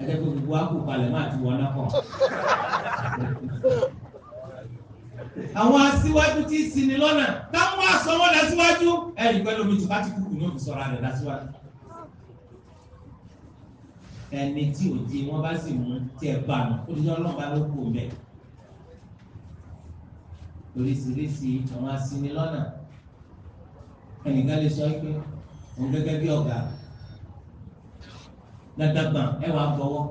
ẹjẹ pé gbogbo àpò palẹ̀ máa ti wọ́n náà kàn àwọn aṣíwájú tí ń ṣini lọ́nà táwọn aṣọ wọn lásíwájú ẹ̀rí pẹ́lú omi tùbá ti kúrò ní òfin sọ̀rọ̀ rẹ̀ lásíwájú. ẹni tí ò di wọn bá sì mú tí ẹ bá nù ó ti jẹ́ ọlọ́ọ̀bá ló kù mẹ́. oríṣiríṣi àwọn aṣini lọ́nà ẹnìkan lè sọ pé òun gẹ́gẹ́ bí ọ̀gá dandan gbọ̀n ẹ wàá gbọ́wọ́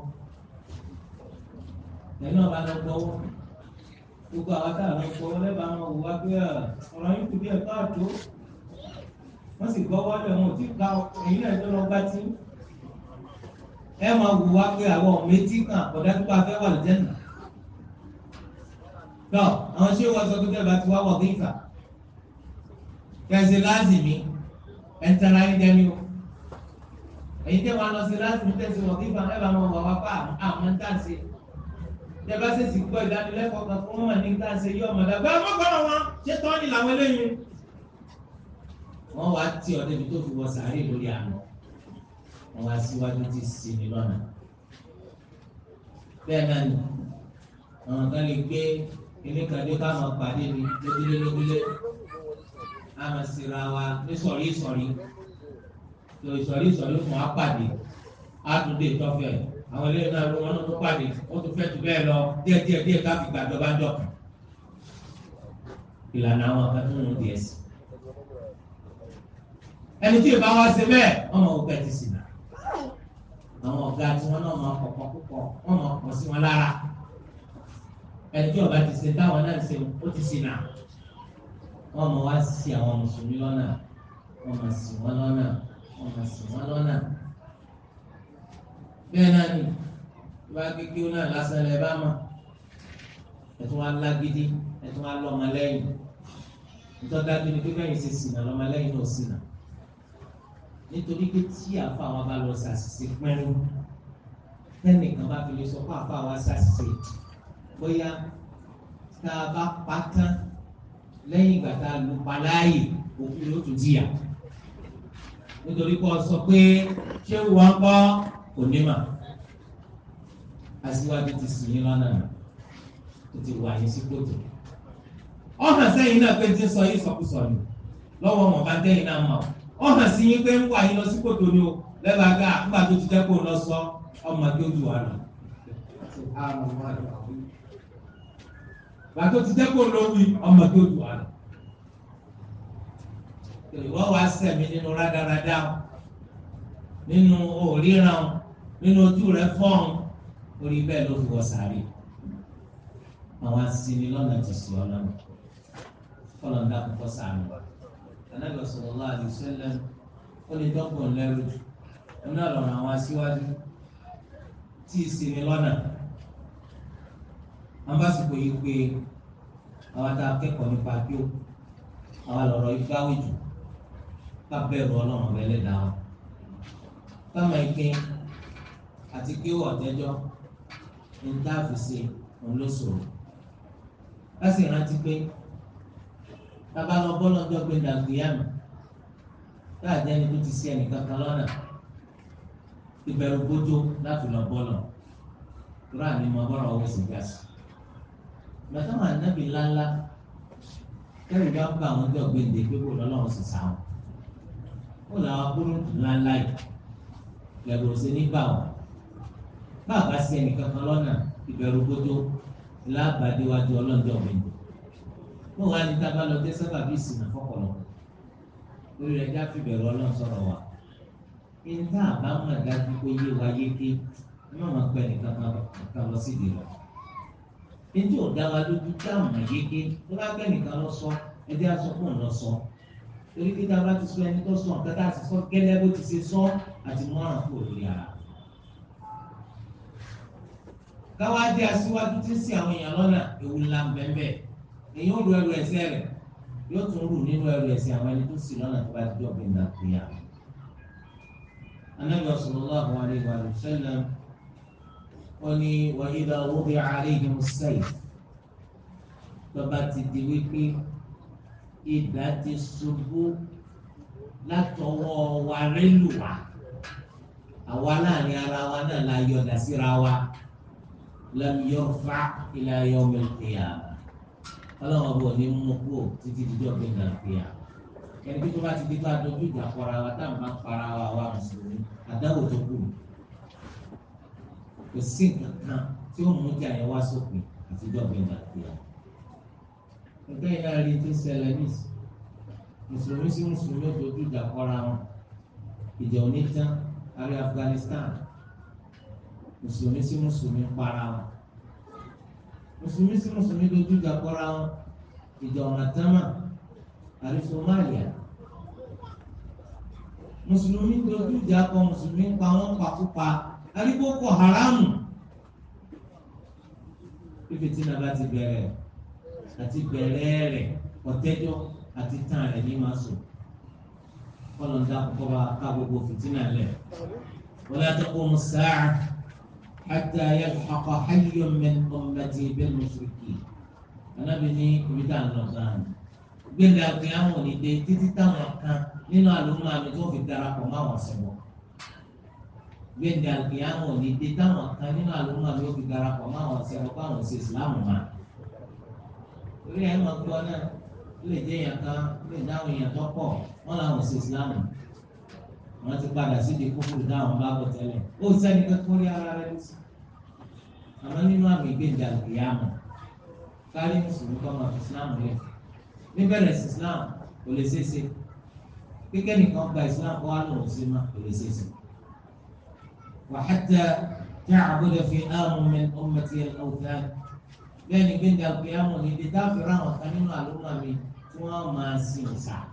ẹ náà bá lọ gbọ́wọ́ gbogbo àwọn tá à lọ fọ lẹ́bàá àwọn òwúwa pé ah, ọ̀rọ̀ yín kù bí ẹ̀kọ́ àtó wọ́n sì gbọ́ wọ́lẹ̀ wọn ò tí gba ẹ̀yìn náà tó lọ bá tí ẹ máa wù wá pé àwọn ọ̀mọ etí kan àkọ́dá tó bá fẹ́ wà lẹ́jẹ̀ nà. lọ àwọn ṣé wọ́n sọ pé bẹ́ẹ̀ bá ti wá wọ̀ kí ìfà kẹsì láti mi ẹ̀ ń tara ẹ̀ jẹ́ o èyí tẹ́ lọ sí láti mi tẹ̀sí wọ̀ kí ìfà ẹ̀ bá wọn wọ̀ wá pa ah, àmọ́ ah, ń tà sí i tẹ́bá sì sì gbọ́ ìdánilẹ́kọ̀ọ́ kan fún wọn ní káàsì yí ọmọ dàgbà mọ́kànlá wọn ṣé tọ́ ní làwọn eléyìí wọ́n wá tí ọdẹ mi tó fi wọ sàárè lórí àná wọ́n wá síwájú tí sì ní lọ́nà bẹ́ẹ̀ náà ni àwọn kan lè gbé ilé kan dé káwọn pàdé mi lójúlé lójúlé àmọ́ síra wa ní sọ̀rí sọ̀rí ìsọ̀rí sọ̀rí fún apàdé àtúndé tọ́fẹ̀ẹ́ àwọn ilé náà ló wọn náà tó pàdé ó tún fẹ́ jù bẹ́ẹ̀ lọ díẹ̀ díẹ̀ díẹ̀ káfí gbàjọba dọ̀kà ìlànà àwọn akẹ́kọ̀ọ́ díẹ̀ sí. ẹni tí ìbá wa ṣe bẹ́ẹ̀ wọ́n mọ̀ òkè ti sìn náà àwọn ọ̀gá tí wọ́n náà máa kọ̀kọ́ púpọ̀ wọ́n máa pọ̀ sí wọn lára ẹni tí ọba ti ṣe táwọn náà ṣe ó ti sìn náà wọ́n mọ̀ wá sí àwọn mùsùlùmí lọ́nà wọ́n mọ̀ sí wọn lọ́nà wọ́n mọ̀ sí wọn lọ́nà bẹ́ẹ̀ náà ni bá kékeré náà lásán lẹ bá mà ẹ̀tún wa lágídí ẹ̀tún wa lọ́mọ lẹ́yìn ìtọ́dájú ni pé bẹ́ẹ̀ ṣe sìnà lọ́mọ lẹ́yìn náà sìnà nítorí pé tí àfa wa bá lọ ṣàṣìṣe pẹ́rú tẹ́nìkan bá fi lè sọ pé àfa wa ṣàṣìṣe bóyá tá a bá pa tán lẹ́yìn ìgbà tá a lù pa láàyè òkú ló tún jìyà nítorí pé ọ sọ pé ṣé wọ́n kọ́. onímọ̀ aṣíwájú ti sùn yín ti wà yín sí ọ̀hàn sẹ́yìn náà ti ń sọ yín sọkúsọ ni lọ́wọ́ wọn bá tẹ́yìn náà mọ̀ ọ̀hàn sí yín pé ń wà yín ni o àkúgbà ti jẹ́ kó ọmọ tó ju lọ. Bàtó ti jẹ́ kó ọmọ tó ju lọ. wa sẹ̀mí nínú nínú ojú rẹ fọ́n orí bẹ́ẹ̀ ló fi wọ sàárè àwọn asinmi lọ́nà tẹ̀sí ọlọ́run kọ́lọ̀ ń dákun kọ́ sàánù anábẹ́ sọ̀rọ̀lá àdìsẹ́lẹ̀ ó lè dọ́gbọ̀n lẹ́rù ọ̀nà lọ́rọ̀ àwọn aṣíwájú tí ìsinmi lọ́nà wọn bá sì pòye pé àwọn tá a kẹ́kọ̀ọ́ nípa kí ó àwọn lọ́rọ̀ ìgbáwé jù ká bẹ̀rù ọlọ́run ọ̀bẹ lẹ́dàá wọn. káwọn ike àti kí wọ́n ọ̀tẹ́jọ́ ní táàfù sí òun ló sòrò. ká sì rántí pé bàbá lọ bọ́ lọ́jọ́ pé dàgbéyàmù táà jẹ́ni tó ti sí ẹnìkankan lọ́nà ìbẹ̀rù bójó láti lọ bọ́ lọ. Ìrọ̀ àmì mọ bọ́rọ̀ owó sì ga sí. Bàtà wà nábì ńláńlá kẹ́rù bá bá àwọn ọjọ́ gbèǹde pé kò lọ́lọ́run sì sá Ó làwọn kúrú ńláńlá yìí lẹ́gbọ̀n nígbà wọn báàbá sí ẹnìkan kan lọ́nà ìbẹ̀rù gbódó lábàdéwájú ọlọ́njọ́ mi mo wá ní tábà lọ dé sábà bí ìsìn àfọkọlọ lórí rẹ já fìbẹ̀rù ọlọ́run sọ̀rọ̀ wa níta àbámọ̀ dájú pé yé wa yéké má máa pẹ́ nìkan kan lọ síbi lọ níta ò dá wa lójú dáhùn yéké tó bá pẹ́ nìkan lọ sọ ẹdí asọ́kùn lọ sọ torí kíkà bá ti sọ ẹni tó sọ nǹkan tá a ti sọ gẹ́lẹ́ bó ti ṣe sọ àti mọ́ràn kúrò lórí ara káwá jẹ́ aṣíwájú tí ń sin àwọn èèyàn lọ́nà ewu ńlá bẹ́ẹ̀ èyí ó ru ẹrù ẹ̀ṣẹ̀ rẹ̀ yóò tún rù nínú ẹrù ẹ̀ṣẹ̀ àwọn ẹni tó sin lọ́nà tó bá jọ bí nà pé yà. anábìyà sallallahu alaihi wa sallam ó ní wa idha wudi'a alaihim as-sayf lọ́ba ti di wípé ìdá ti ṣubú látọwọ́ wa rélùwà àwa láàrin ara wa náà la yọ̀dà síra wa lam yarfa ila yawmil qiyamah Kalau ọba ò ní mú kú títí dídọ́ pé nà fìyà ẹni bí tó bá ti di bá dojú ìjà kọra wa tá à ń bá para wa wa mùsùlùmí àdáwò tó kù kò sí nǹkan kan tí ó mú kí àyẹ̀ wá sópin àti dídọ́ pé nà fìyà. nǹkan yìí náà rí tó ṣẹlẹ̀ ní mùsùlùmí sí mùsùlùmí ó Afghanistan mùsùlùmí sí mùsùlùmí para wọn mùsùlùmí sí mùsùlùmí dojú ìjà kọra wọn ìjà ọ̀nà tánmà àrí Somalia mùsùlùmí dojú ìjà kọ mùsùlùmí pa wọn pakúpa àrí Boko Haram fífi tí nàbà ti bẹ̀rẹ̀ àti bẹ̀rẹ̀ rẹ̀ ọ̀tẹ́jọ́ àti tán rẹ̀ ní máa sùn kọ́lọ̀ ń dá kọ́kọ́ bá ká gbogbo fìtínà lẹ̀ wọ́n yàtọ̀ kó حتى يلحق حي من أمتي بالمشركين أنا بني كميتا النظام gbẹ̀dẹ̀ àgbẹ̀yàwó ní dé títí táwọn kan nínú àlùmọ́ àmì tó fi darapọ̀ mọ́ àwọn ṣẹ̀wọ̀ gbẹ̀dẹ̀ àgbẹ̀yàwó ní dé táwọn kan nínú àlùmọ́ àmì tó fi darapọ̀ mọ́ àwọn ṣẹ̀wọ̀ kó àwọn ṣe ìsìláàmù mà. orí ẹ̀ mọ̀ gbọ́ náà ó lè jẹ́ èèyàn kan ó lè dáhùn èèyàn tó pọ̀ wọ́n làwọn ṣe ìsìláàmù wọ́n ti padà síbi kúkúrú dáhùn bá bọ̀ tẹ́lẹ̀ ó sẹ́ni kankan rí ara rẹ̀ lọ́sọ̀ àmọ́ nínú àmì ìgbéǹda ìyá mọ̀ kárí mùsùlùmí kọ́ máa fi islam rẹ̀ níbẹ̀rẹ̀ sí islam kò lè ṣeéṣe kíkẹ́ nìkan gba islam kọ́ àlọ́ òsì máa kò lè ṣeéṣe. وحتى تعبد فئام من أمتي الأوثان bẹ́ẹ̀ ni gbéǹda ìyá mọ̀ níbi dáfẹ́ ráwọn kan nínú àlùmọ̀ mi tí wọ́n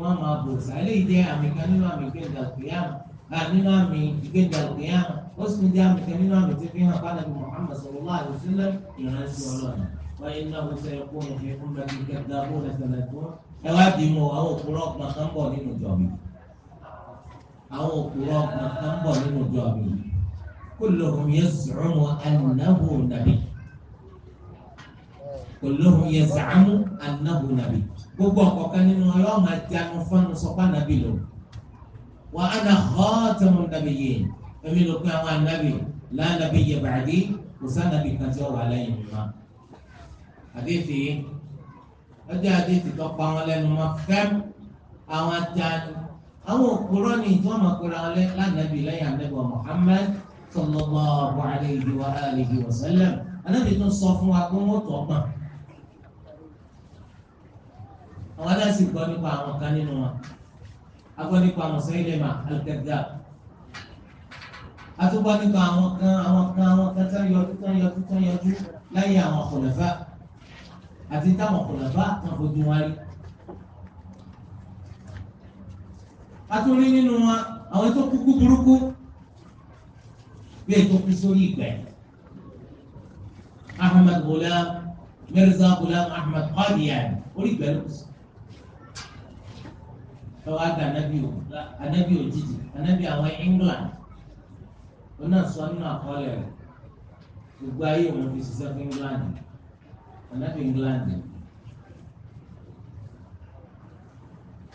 wọ́n máa bò sá eléyìí jẹ́ àmì kan nínú àmì gbẹ̀ngà òkèèyàmù nínú àmì gbẹ̀ngà òkèèyàmù ó sì ń jẹ́ àmì kan nínú àmì tí fi hàn fún ànábì Muhammad sallallahu alaihi wasallam ìránṣẹ́ ọlọ́run wọ́n yín náà wọ́n sẹ́yìn kó wọn fi fún bẹ́ẹ̀ kẹta bó lẹ sẹlẹ̀ tó ẹ wá di mọ àwọn òkúrọ̀ ọ̀gbọ̀n kan bọ̀ nínú ìjọ mi àwọn òkúrọ̀ ọ̀gbọ̀n kan bọ̀ nínú ìjọ mi kulluhum yaz'umu annahu nabi kulluhum yaz'umu annahu nabi gbogbo ọ̀kọ̀ọ̀kan nínú ọlọ́run àti àwọn fọ́nù sọ́pá nàbì lò wà á nà khatamu nabiyyin èmi ló pé àwọn ànábì la nabiyya ba'di kò sànàbì kan tí ó wà lẹ́yìn mi mọ́. àdéhìí ọjọ́ àdéhìí tó pa wọn lẹ́nu mọ́ fẹ́m àwọn àtàní àwọn òkúrọ́ ni ìjọ́ máa kóra wọn lánàbì lẹ́yìn ànábì Muhammad sallallahu alayhi wa alihi wa sallam ànábì tó sọ wọ́n tọ́ àwọn náà sì gbọ́ nípa àwọn kan nínú wọn a gbọ́ nípa Musailima al-Kadhdhab a tún gbọ́ nípa àwọn kan àwọn kan àwọn kan tán yọjú tán yọjú tán yọjú láyé àwọn kòlẹ́fà àti táwọn kòlẹ́fà kan fojú wọn rí. a nínú wọn àwọn tó kúkú burúkú bí ètò kú sórí ìgbẹ́ Ahmad Ghulam Mirza Ghulam Ahmad Qadiani orí ìgbẹ́ ló kù sí lọ́wọ́ àgbà anábì ò anábì òjijì anábì àwọn England ó náà sọ nínú àkọọ́lẹ̀ rẹ̀ gbogbo ayé òun fi ṣiṣẹ́ fún England anábì England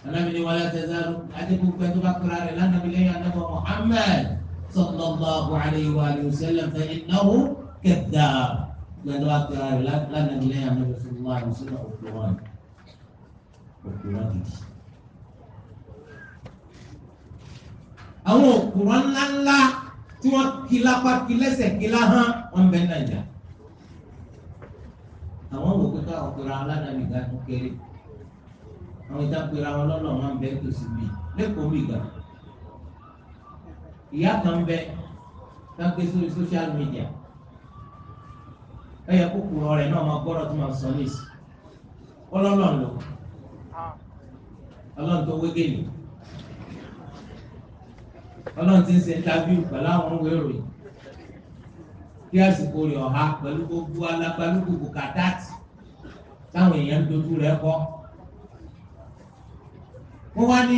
anábì ni wàlá tẹ̀sán àti gbogbo ẹni tó bá kíra rẹ̀ lánàbì lẹ́yìn anábì Muhammad sallallahu alayhi wa sallam fẹ́ ináwó kẹta gbẹdọ àkíra rẹ̀ lánàbì lẹ́yìn anábì sallallahu alayhi wa sallam òkúrọ̀ àwọn òkúrọ̀ ńláńlá tí wọ́n kí lápá kí lẹ́sẹ̀ kí láhán wọn bẹ nàìjà àwọn wò pé káwọn pera aládàáni ga tó kéré àwọn ìjà pera wọn lọ́lọ́ wọn bẹ tó sì bì lẹ́kọ̀ọ́ mi gà ìyá kan bẹ káńké sórí social media ẹ̀yẹ kókòrò rẹ̀ náà máa gbọ́dọ̀ tó máa sọ ní ìsìn ọlọ́lọ́ lò ah. ọlọ́run tó wégé nìyí ọlọ́run ti ń ṣe interview pẹ̀lú àwọn òwe ìròyìn kí àsìkò rẹ̀ ọ̀há pẹ̀lú gbogbo alágbálúgbò kàdáàtì táwọn èèyàn ń dojú rẹ̀ kọ́. wọ́n wá ní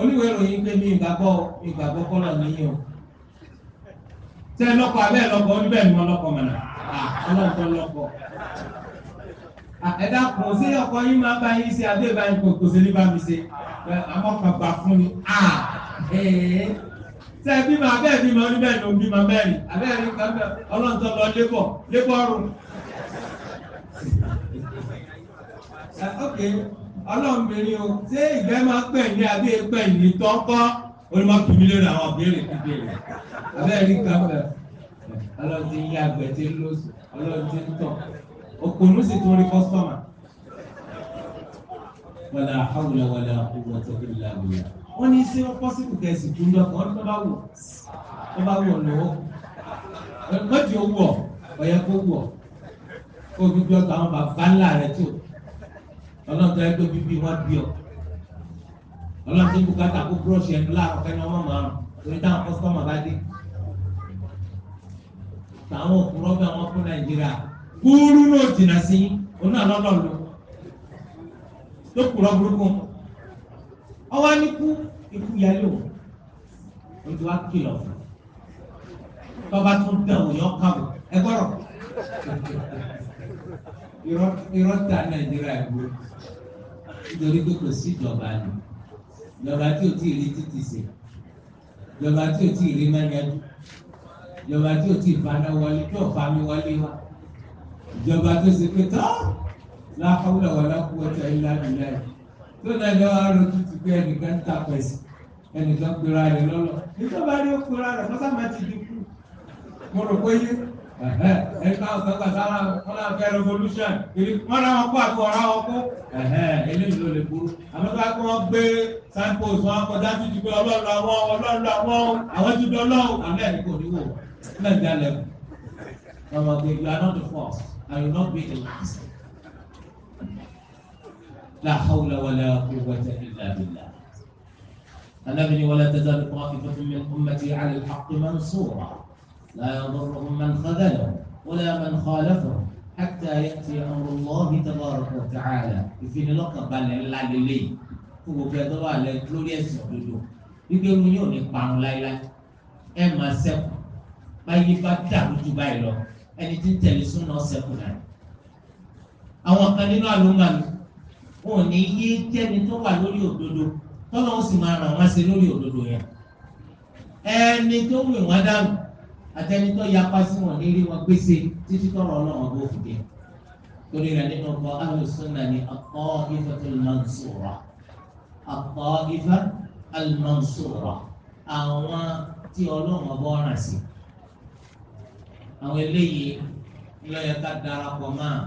oníwèé ìròyìn pé mi ìgbàgbọ́ ìgbàgbọ́ kọ́lọ̀ níyìn o tẹ́ lọ́kọ̀ abẹ́ lọ́kọ̀ ó ní bẹ́ẹ̀ ni wọ́n lọ́kọ̀ mọ̀nà ọlọ́run tó lọ́kọ̀ ẹ̀dá kò sí ọkọ̀ yín máa bá yín ṣe àbí ìbáyín kò kò sí ní bá mi ṣe àmọ́ kan fún ni. Ṣé bímọ abẹ́ bímọ oníbẹ̀ ni bímọ mẹ́rin? Abẹ́ rí kan ọlọ́ntọ́ lọ lébọ̀ lébọ̀ ọlọ́mọbìnrin o, ṣé ìgbẹ́ máa pẹ̀ ní abẹ́ pẹ̀ ní tọ́kọ́? Olùmọ̀kìmí lórí àwọn ìbéèrè ìbéèrè. Abẹ́ rí kan bẹ̀ ọlọ́dún ilé tí ń lọ sí ń tọ̀ òkùnrin sì tún rí kọ́sọ́mà wàlà àwùlà wàlà àkúwọ́tò ìlà àwùlà wọ́n ní ṣé pọ́sibù kẹ̀sì tó ń lọ kàn tó bá wù tó bá wù ọ́ lọ́wọ́ mọ́jì ó wù ọ́ ọ̀yẹ́ kó wù ọ́ kó bíbí ọ̀tọ̀ àwọn bàbá ńlá rẹ̀ tó ọlọ́dọ̀ ẹ̀ tó bíbí wọn bí ọ ọlọ́dọ̀ tó bùkátà kó búrọ̀ṣì ẹnu láàrọ̀ kẹ́ni ọmọ màrún torí táwọn kọ́sítọ́mù bá dé táwọn òkúrọ́ bí àwọn fún nàìjíríà kúrú náà jìnnà sí onáà lọ́lọ́lọ́ ọwọ́ ní kú ikú yálò ojú wa kìlọ̀ tọ́ba tún dán òyàn kàwọ́ ẹ gbọ́dọ̀ irọ́ ta nàìjíríà gbó nítorí pé kò sí ìjọba ni ìjọba tí o ti rí títì sè ìjọba tí o ti rí mẹ́nyẹ́dú ìjọba tí o ti fana wọlé tí o fami wọlé wa ìjọba tó ṣe pé tán láfọwọ́lọ́wọ́ lákúwọ́tà ìlànà ìlànà tó nàìjíríà wà pé ẹnìkan ń tapọ̀ ẹ̀sìn ẹnìkan pera rẹ̀ lọ́lọ́ nígbà bá rí ó pera rẹ̀ mọ́tà máa ti dínkù mo rò pé yé ẹ̀ka ọ̀sán kàtàrà wọn náà fẹ́ revolution wọn náà wọn kó àpò ọ̀rá wọn kó eléyìí ló lè burú àmọ́ bá kí wọ́n gbé signpost wọn kọjá sí ti pé ọlọ́run àwọn ọlọ́run àwọn àwọn ti dán lọ́wọ́ àmọ́ ẹ̀rí kò ní wò ó lẹ́yìn dálẹ̀ ọmọ gbẹ̀gbẹ̀ are not the first and you not be the last. لا حول ولا قوة إلا بالله أنا ابني ولا تزال طائفة من أمتي على الحق منصورة لا يضرهم من خذلهم ولا من خالفهم حتى يأتي أمر الله تبارك وتعالى في نلقى بان اللي هو كذبا لكلوليس يقولوا يقولوا يوني بان لايلا أما سب ما يفتح وتبايلو أني تنتلسون أو سبنا أو قلنا لهم wọn ò ní yé jẹ́ni tó wà lórí òdodo tọ́lọ́ ó sì máa ràn wọ́n sí lórí òdodo yẹn ẹni tó wù wọ́n dànù àtẹni tó yapa sí wọn ní rí wọn gbèsè títí tọrọ ọlọ́run bó fi dé torí rẹ̀ nínú ọkọ̀ alùsùnà ní akọ́ ifá tó lọ́nsùrà akọ́ ifá alùmọ̀nsùrà àwọn tí ọlọ́run ọba ọ̀ràn sí àwọn eléyìí ló yẹ ká darapọ̀ máa.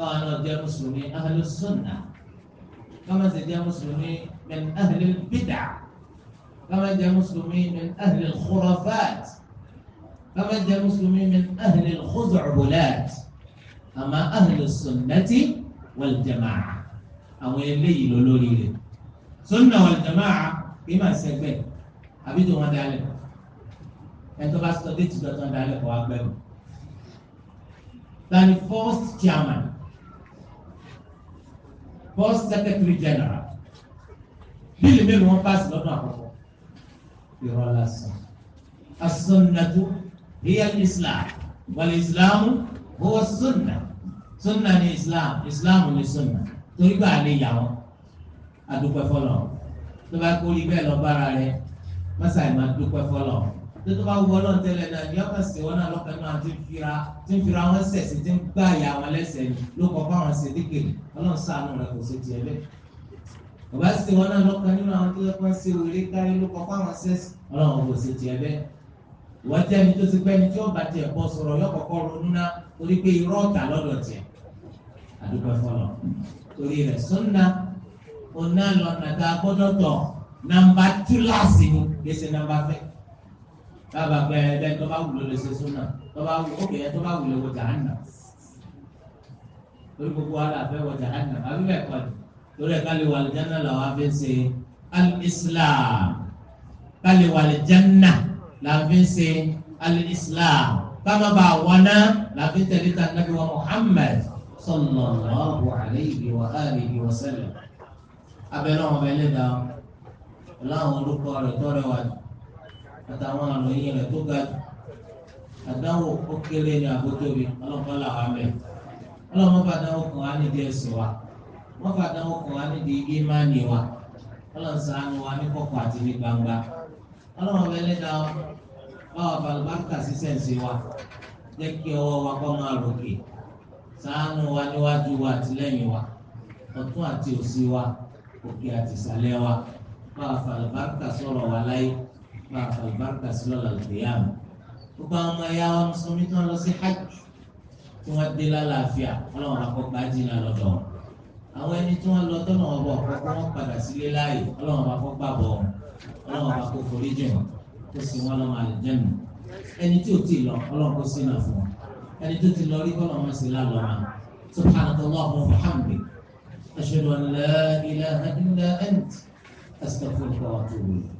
قال رضي مسلمي أهل السنة كما dia مسلمي من أهل البدع كما dia مسلمي من أهل الخرافات كما dia مسلمي من أهل الخزعبلات أما أهل السنة والجماعة أو الليل لولي سنة والجماعة بما سيبين أبيتوا ما دعلك أنتوا بس تدري تدري تدري تدري تدري تدري first first secretary general bílì mélòó wọn pàṣẹ lọ́dún àkọ́kọ́ irọ́ lásán asúnnàtú hiya islam wàlẹ̀ islam huwa sunna sunna ni islam islam ni sunna torí gbà lè yà wọn adúpẹ́ fọlọ́ tó bá kórìí bẹ́ẹ̀ lọ bára rẹ mọ́sàáì máa dúpẹ́ fọlọ́ tó tó bá wọ Ọlọ́run tẹ́lẹ̀ náà ní ọkàn sí wọn náà lọ́kàn náà ti fira ti fira wọn sẹ̀sì ti ń gbá ìyá wọn lẹ́sẹ̀ ló kọ́ fún àwọn sèdíkè Ọlọ́run ṣàánú rẹ̀ kò sí tiẹ̀ lẹ́ bàbá sí wọn náà lọ́kàn nínú àwọn tó lọ́kàn sí orí kárí ló kọ́ fún àwọn sẹ́sì Ọlọ́run kò sí tiẹ̀ lẹ́ wọ́n jẹ́ ẹni tó ti pẹ́ ẹni tí ó bá tiẹ̀ bọ́ sọ̀rọ̀ yọ kọ́kọ́ ronú ná torí pé irọ́ ọ̀tà lọ́dọ̀ tiẹ̀ àdúgbò fọlọ́ torí rẹ̀ sọ́nà ọ̀nà lọ́nà tá a gbọ́dọ̀ tọ̀ nàmbà túláàsì ni kì í ṣe fẹ́ẹ́ bàbá pé ẹgbẹ́ tó bá wù ló lè ṣe súnà tó bá wù ókè tó bá wù lè wọ jàánà torí gbogbo wa là fẹ́ wọ jàánà àbí bẹ́ẹ̀ kọ́ ni torí ẹ̀ka lè wà làwọn afẹ́ ṣe al-islam ká lè wà lìjánà làwọn afẹ́ ṣe al-islam ká má bàa wọná làwọn afẹ́ tẹ̀lé ta nàbí wa muhammad sallallahu alayhi wa alihi wa sallam abẹ́ náà wọ́n bẹ́ẹ̀ lé dáa láwọn olùkọ́ rẹ̀ tọ́rẹ̀ wájú àtàwọn àròyìn rẹ̀ tó ga jù àdánwò ó kéré ní àbótóbi ọlọ́pàá làwọn abẹ ọlọ́pàá bá dánwò kan á nídìí ẹ̀sìn wa wọ́n bá dánwò kan á nídìí ìmánì wa ọlọ́sàánú wa ní kọ̀kọ̀ àti ní gbangba ọlọ́pàá bẹ lẹ́dàá báwa balùbáńkà sí sẹ́ǹsì wa jẹ́ kí ọwọ́ wa kọ́ máa ròkè ṣàánú wa níwájú wa àti lẹ́yìn wa ọ̀tún àti òsì wa òkè àti ìsàlẹ̀ wa báwa balùbáńkà sọ̀rọ̀ wa láyé máa fọ ìbáraka sí lọ́la lùkìyàmù gbogbo àwọn ọmọ ẹ̀yà wa mùsùlùmí tí wọ́n lọ sí hajj tí wọ́n dé lálàáfíà ọlọ́run akọ́gbá jìnnà lọ́dọ̀ àwọn ẹni tí wọ́n lọ tọ́nà ọ̀bọ̀ ọ̀kọ́kọ́ wọn padà sílé láàyè ọlọ́run akọ́gbá bọ̀ ọlọ́run akọ́ forí jìn kó sì wọ́n lọ́mọ àlùjẹ́nu ẹni tí ò tí ì lọ ọlọ́run kó sínà fún wọn ẹni tó ti lọ rí kọ́ lọ́mọ sí lálọ́ wọn subhanallahi wa bihamdihi ashhadu an la ilaha illa anta astaghfiruka wa atubu ilayk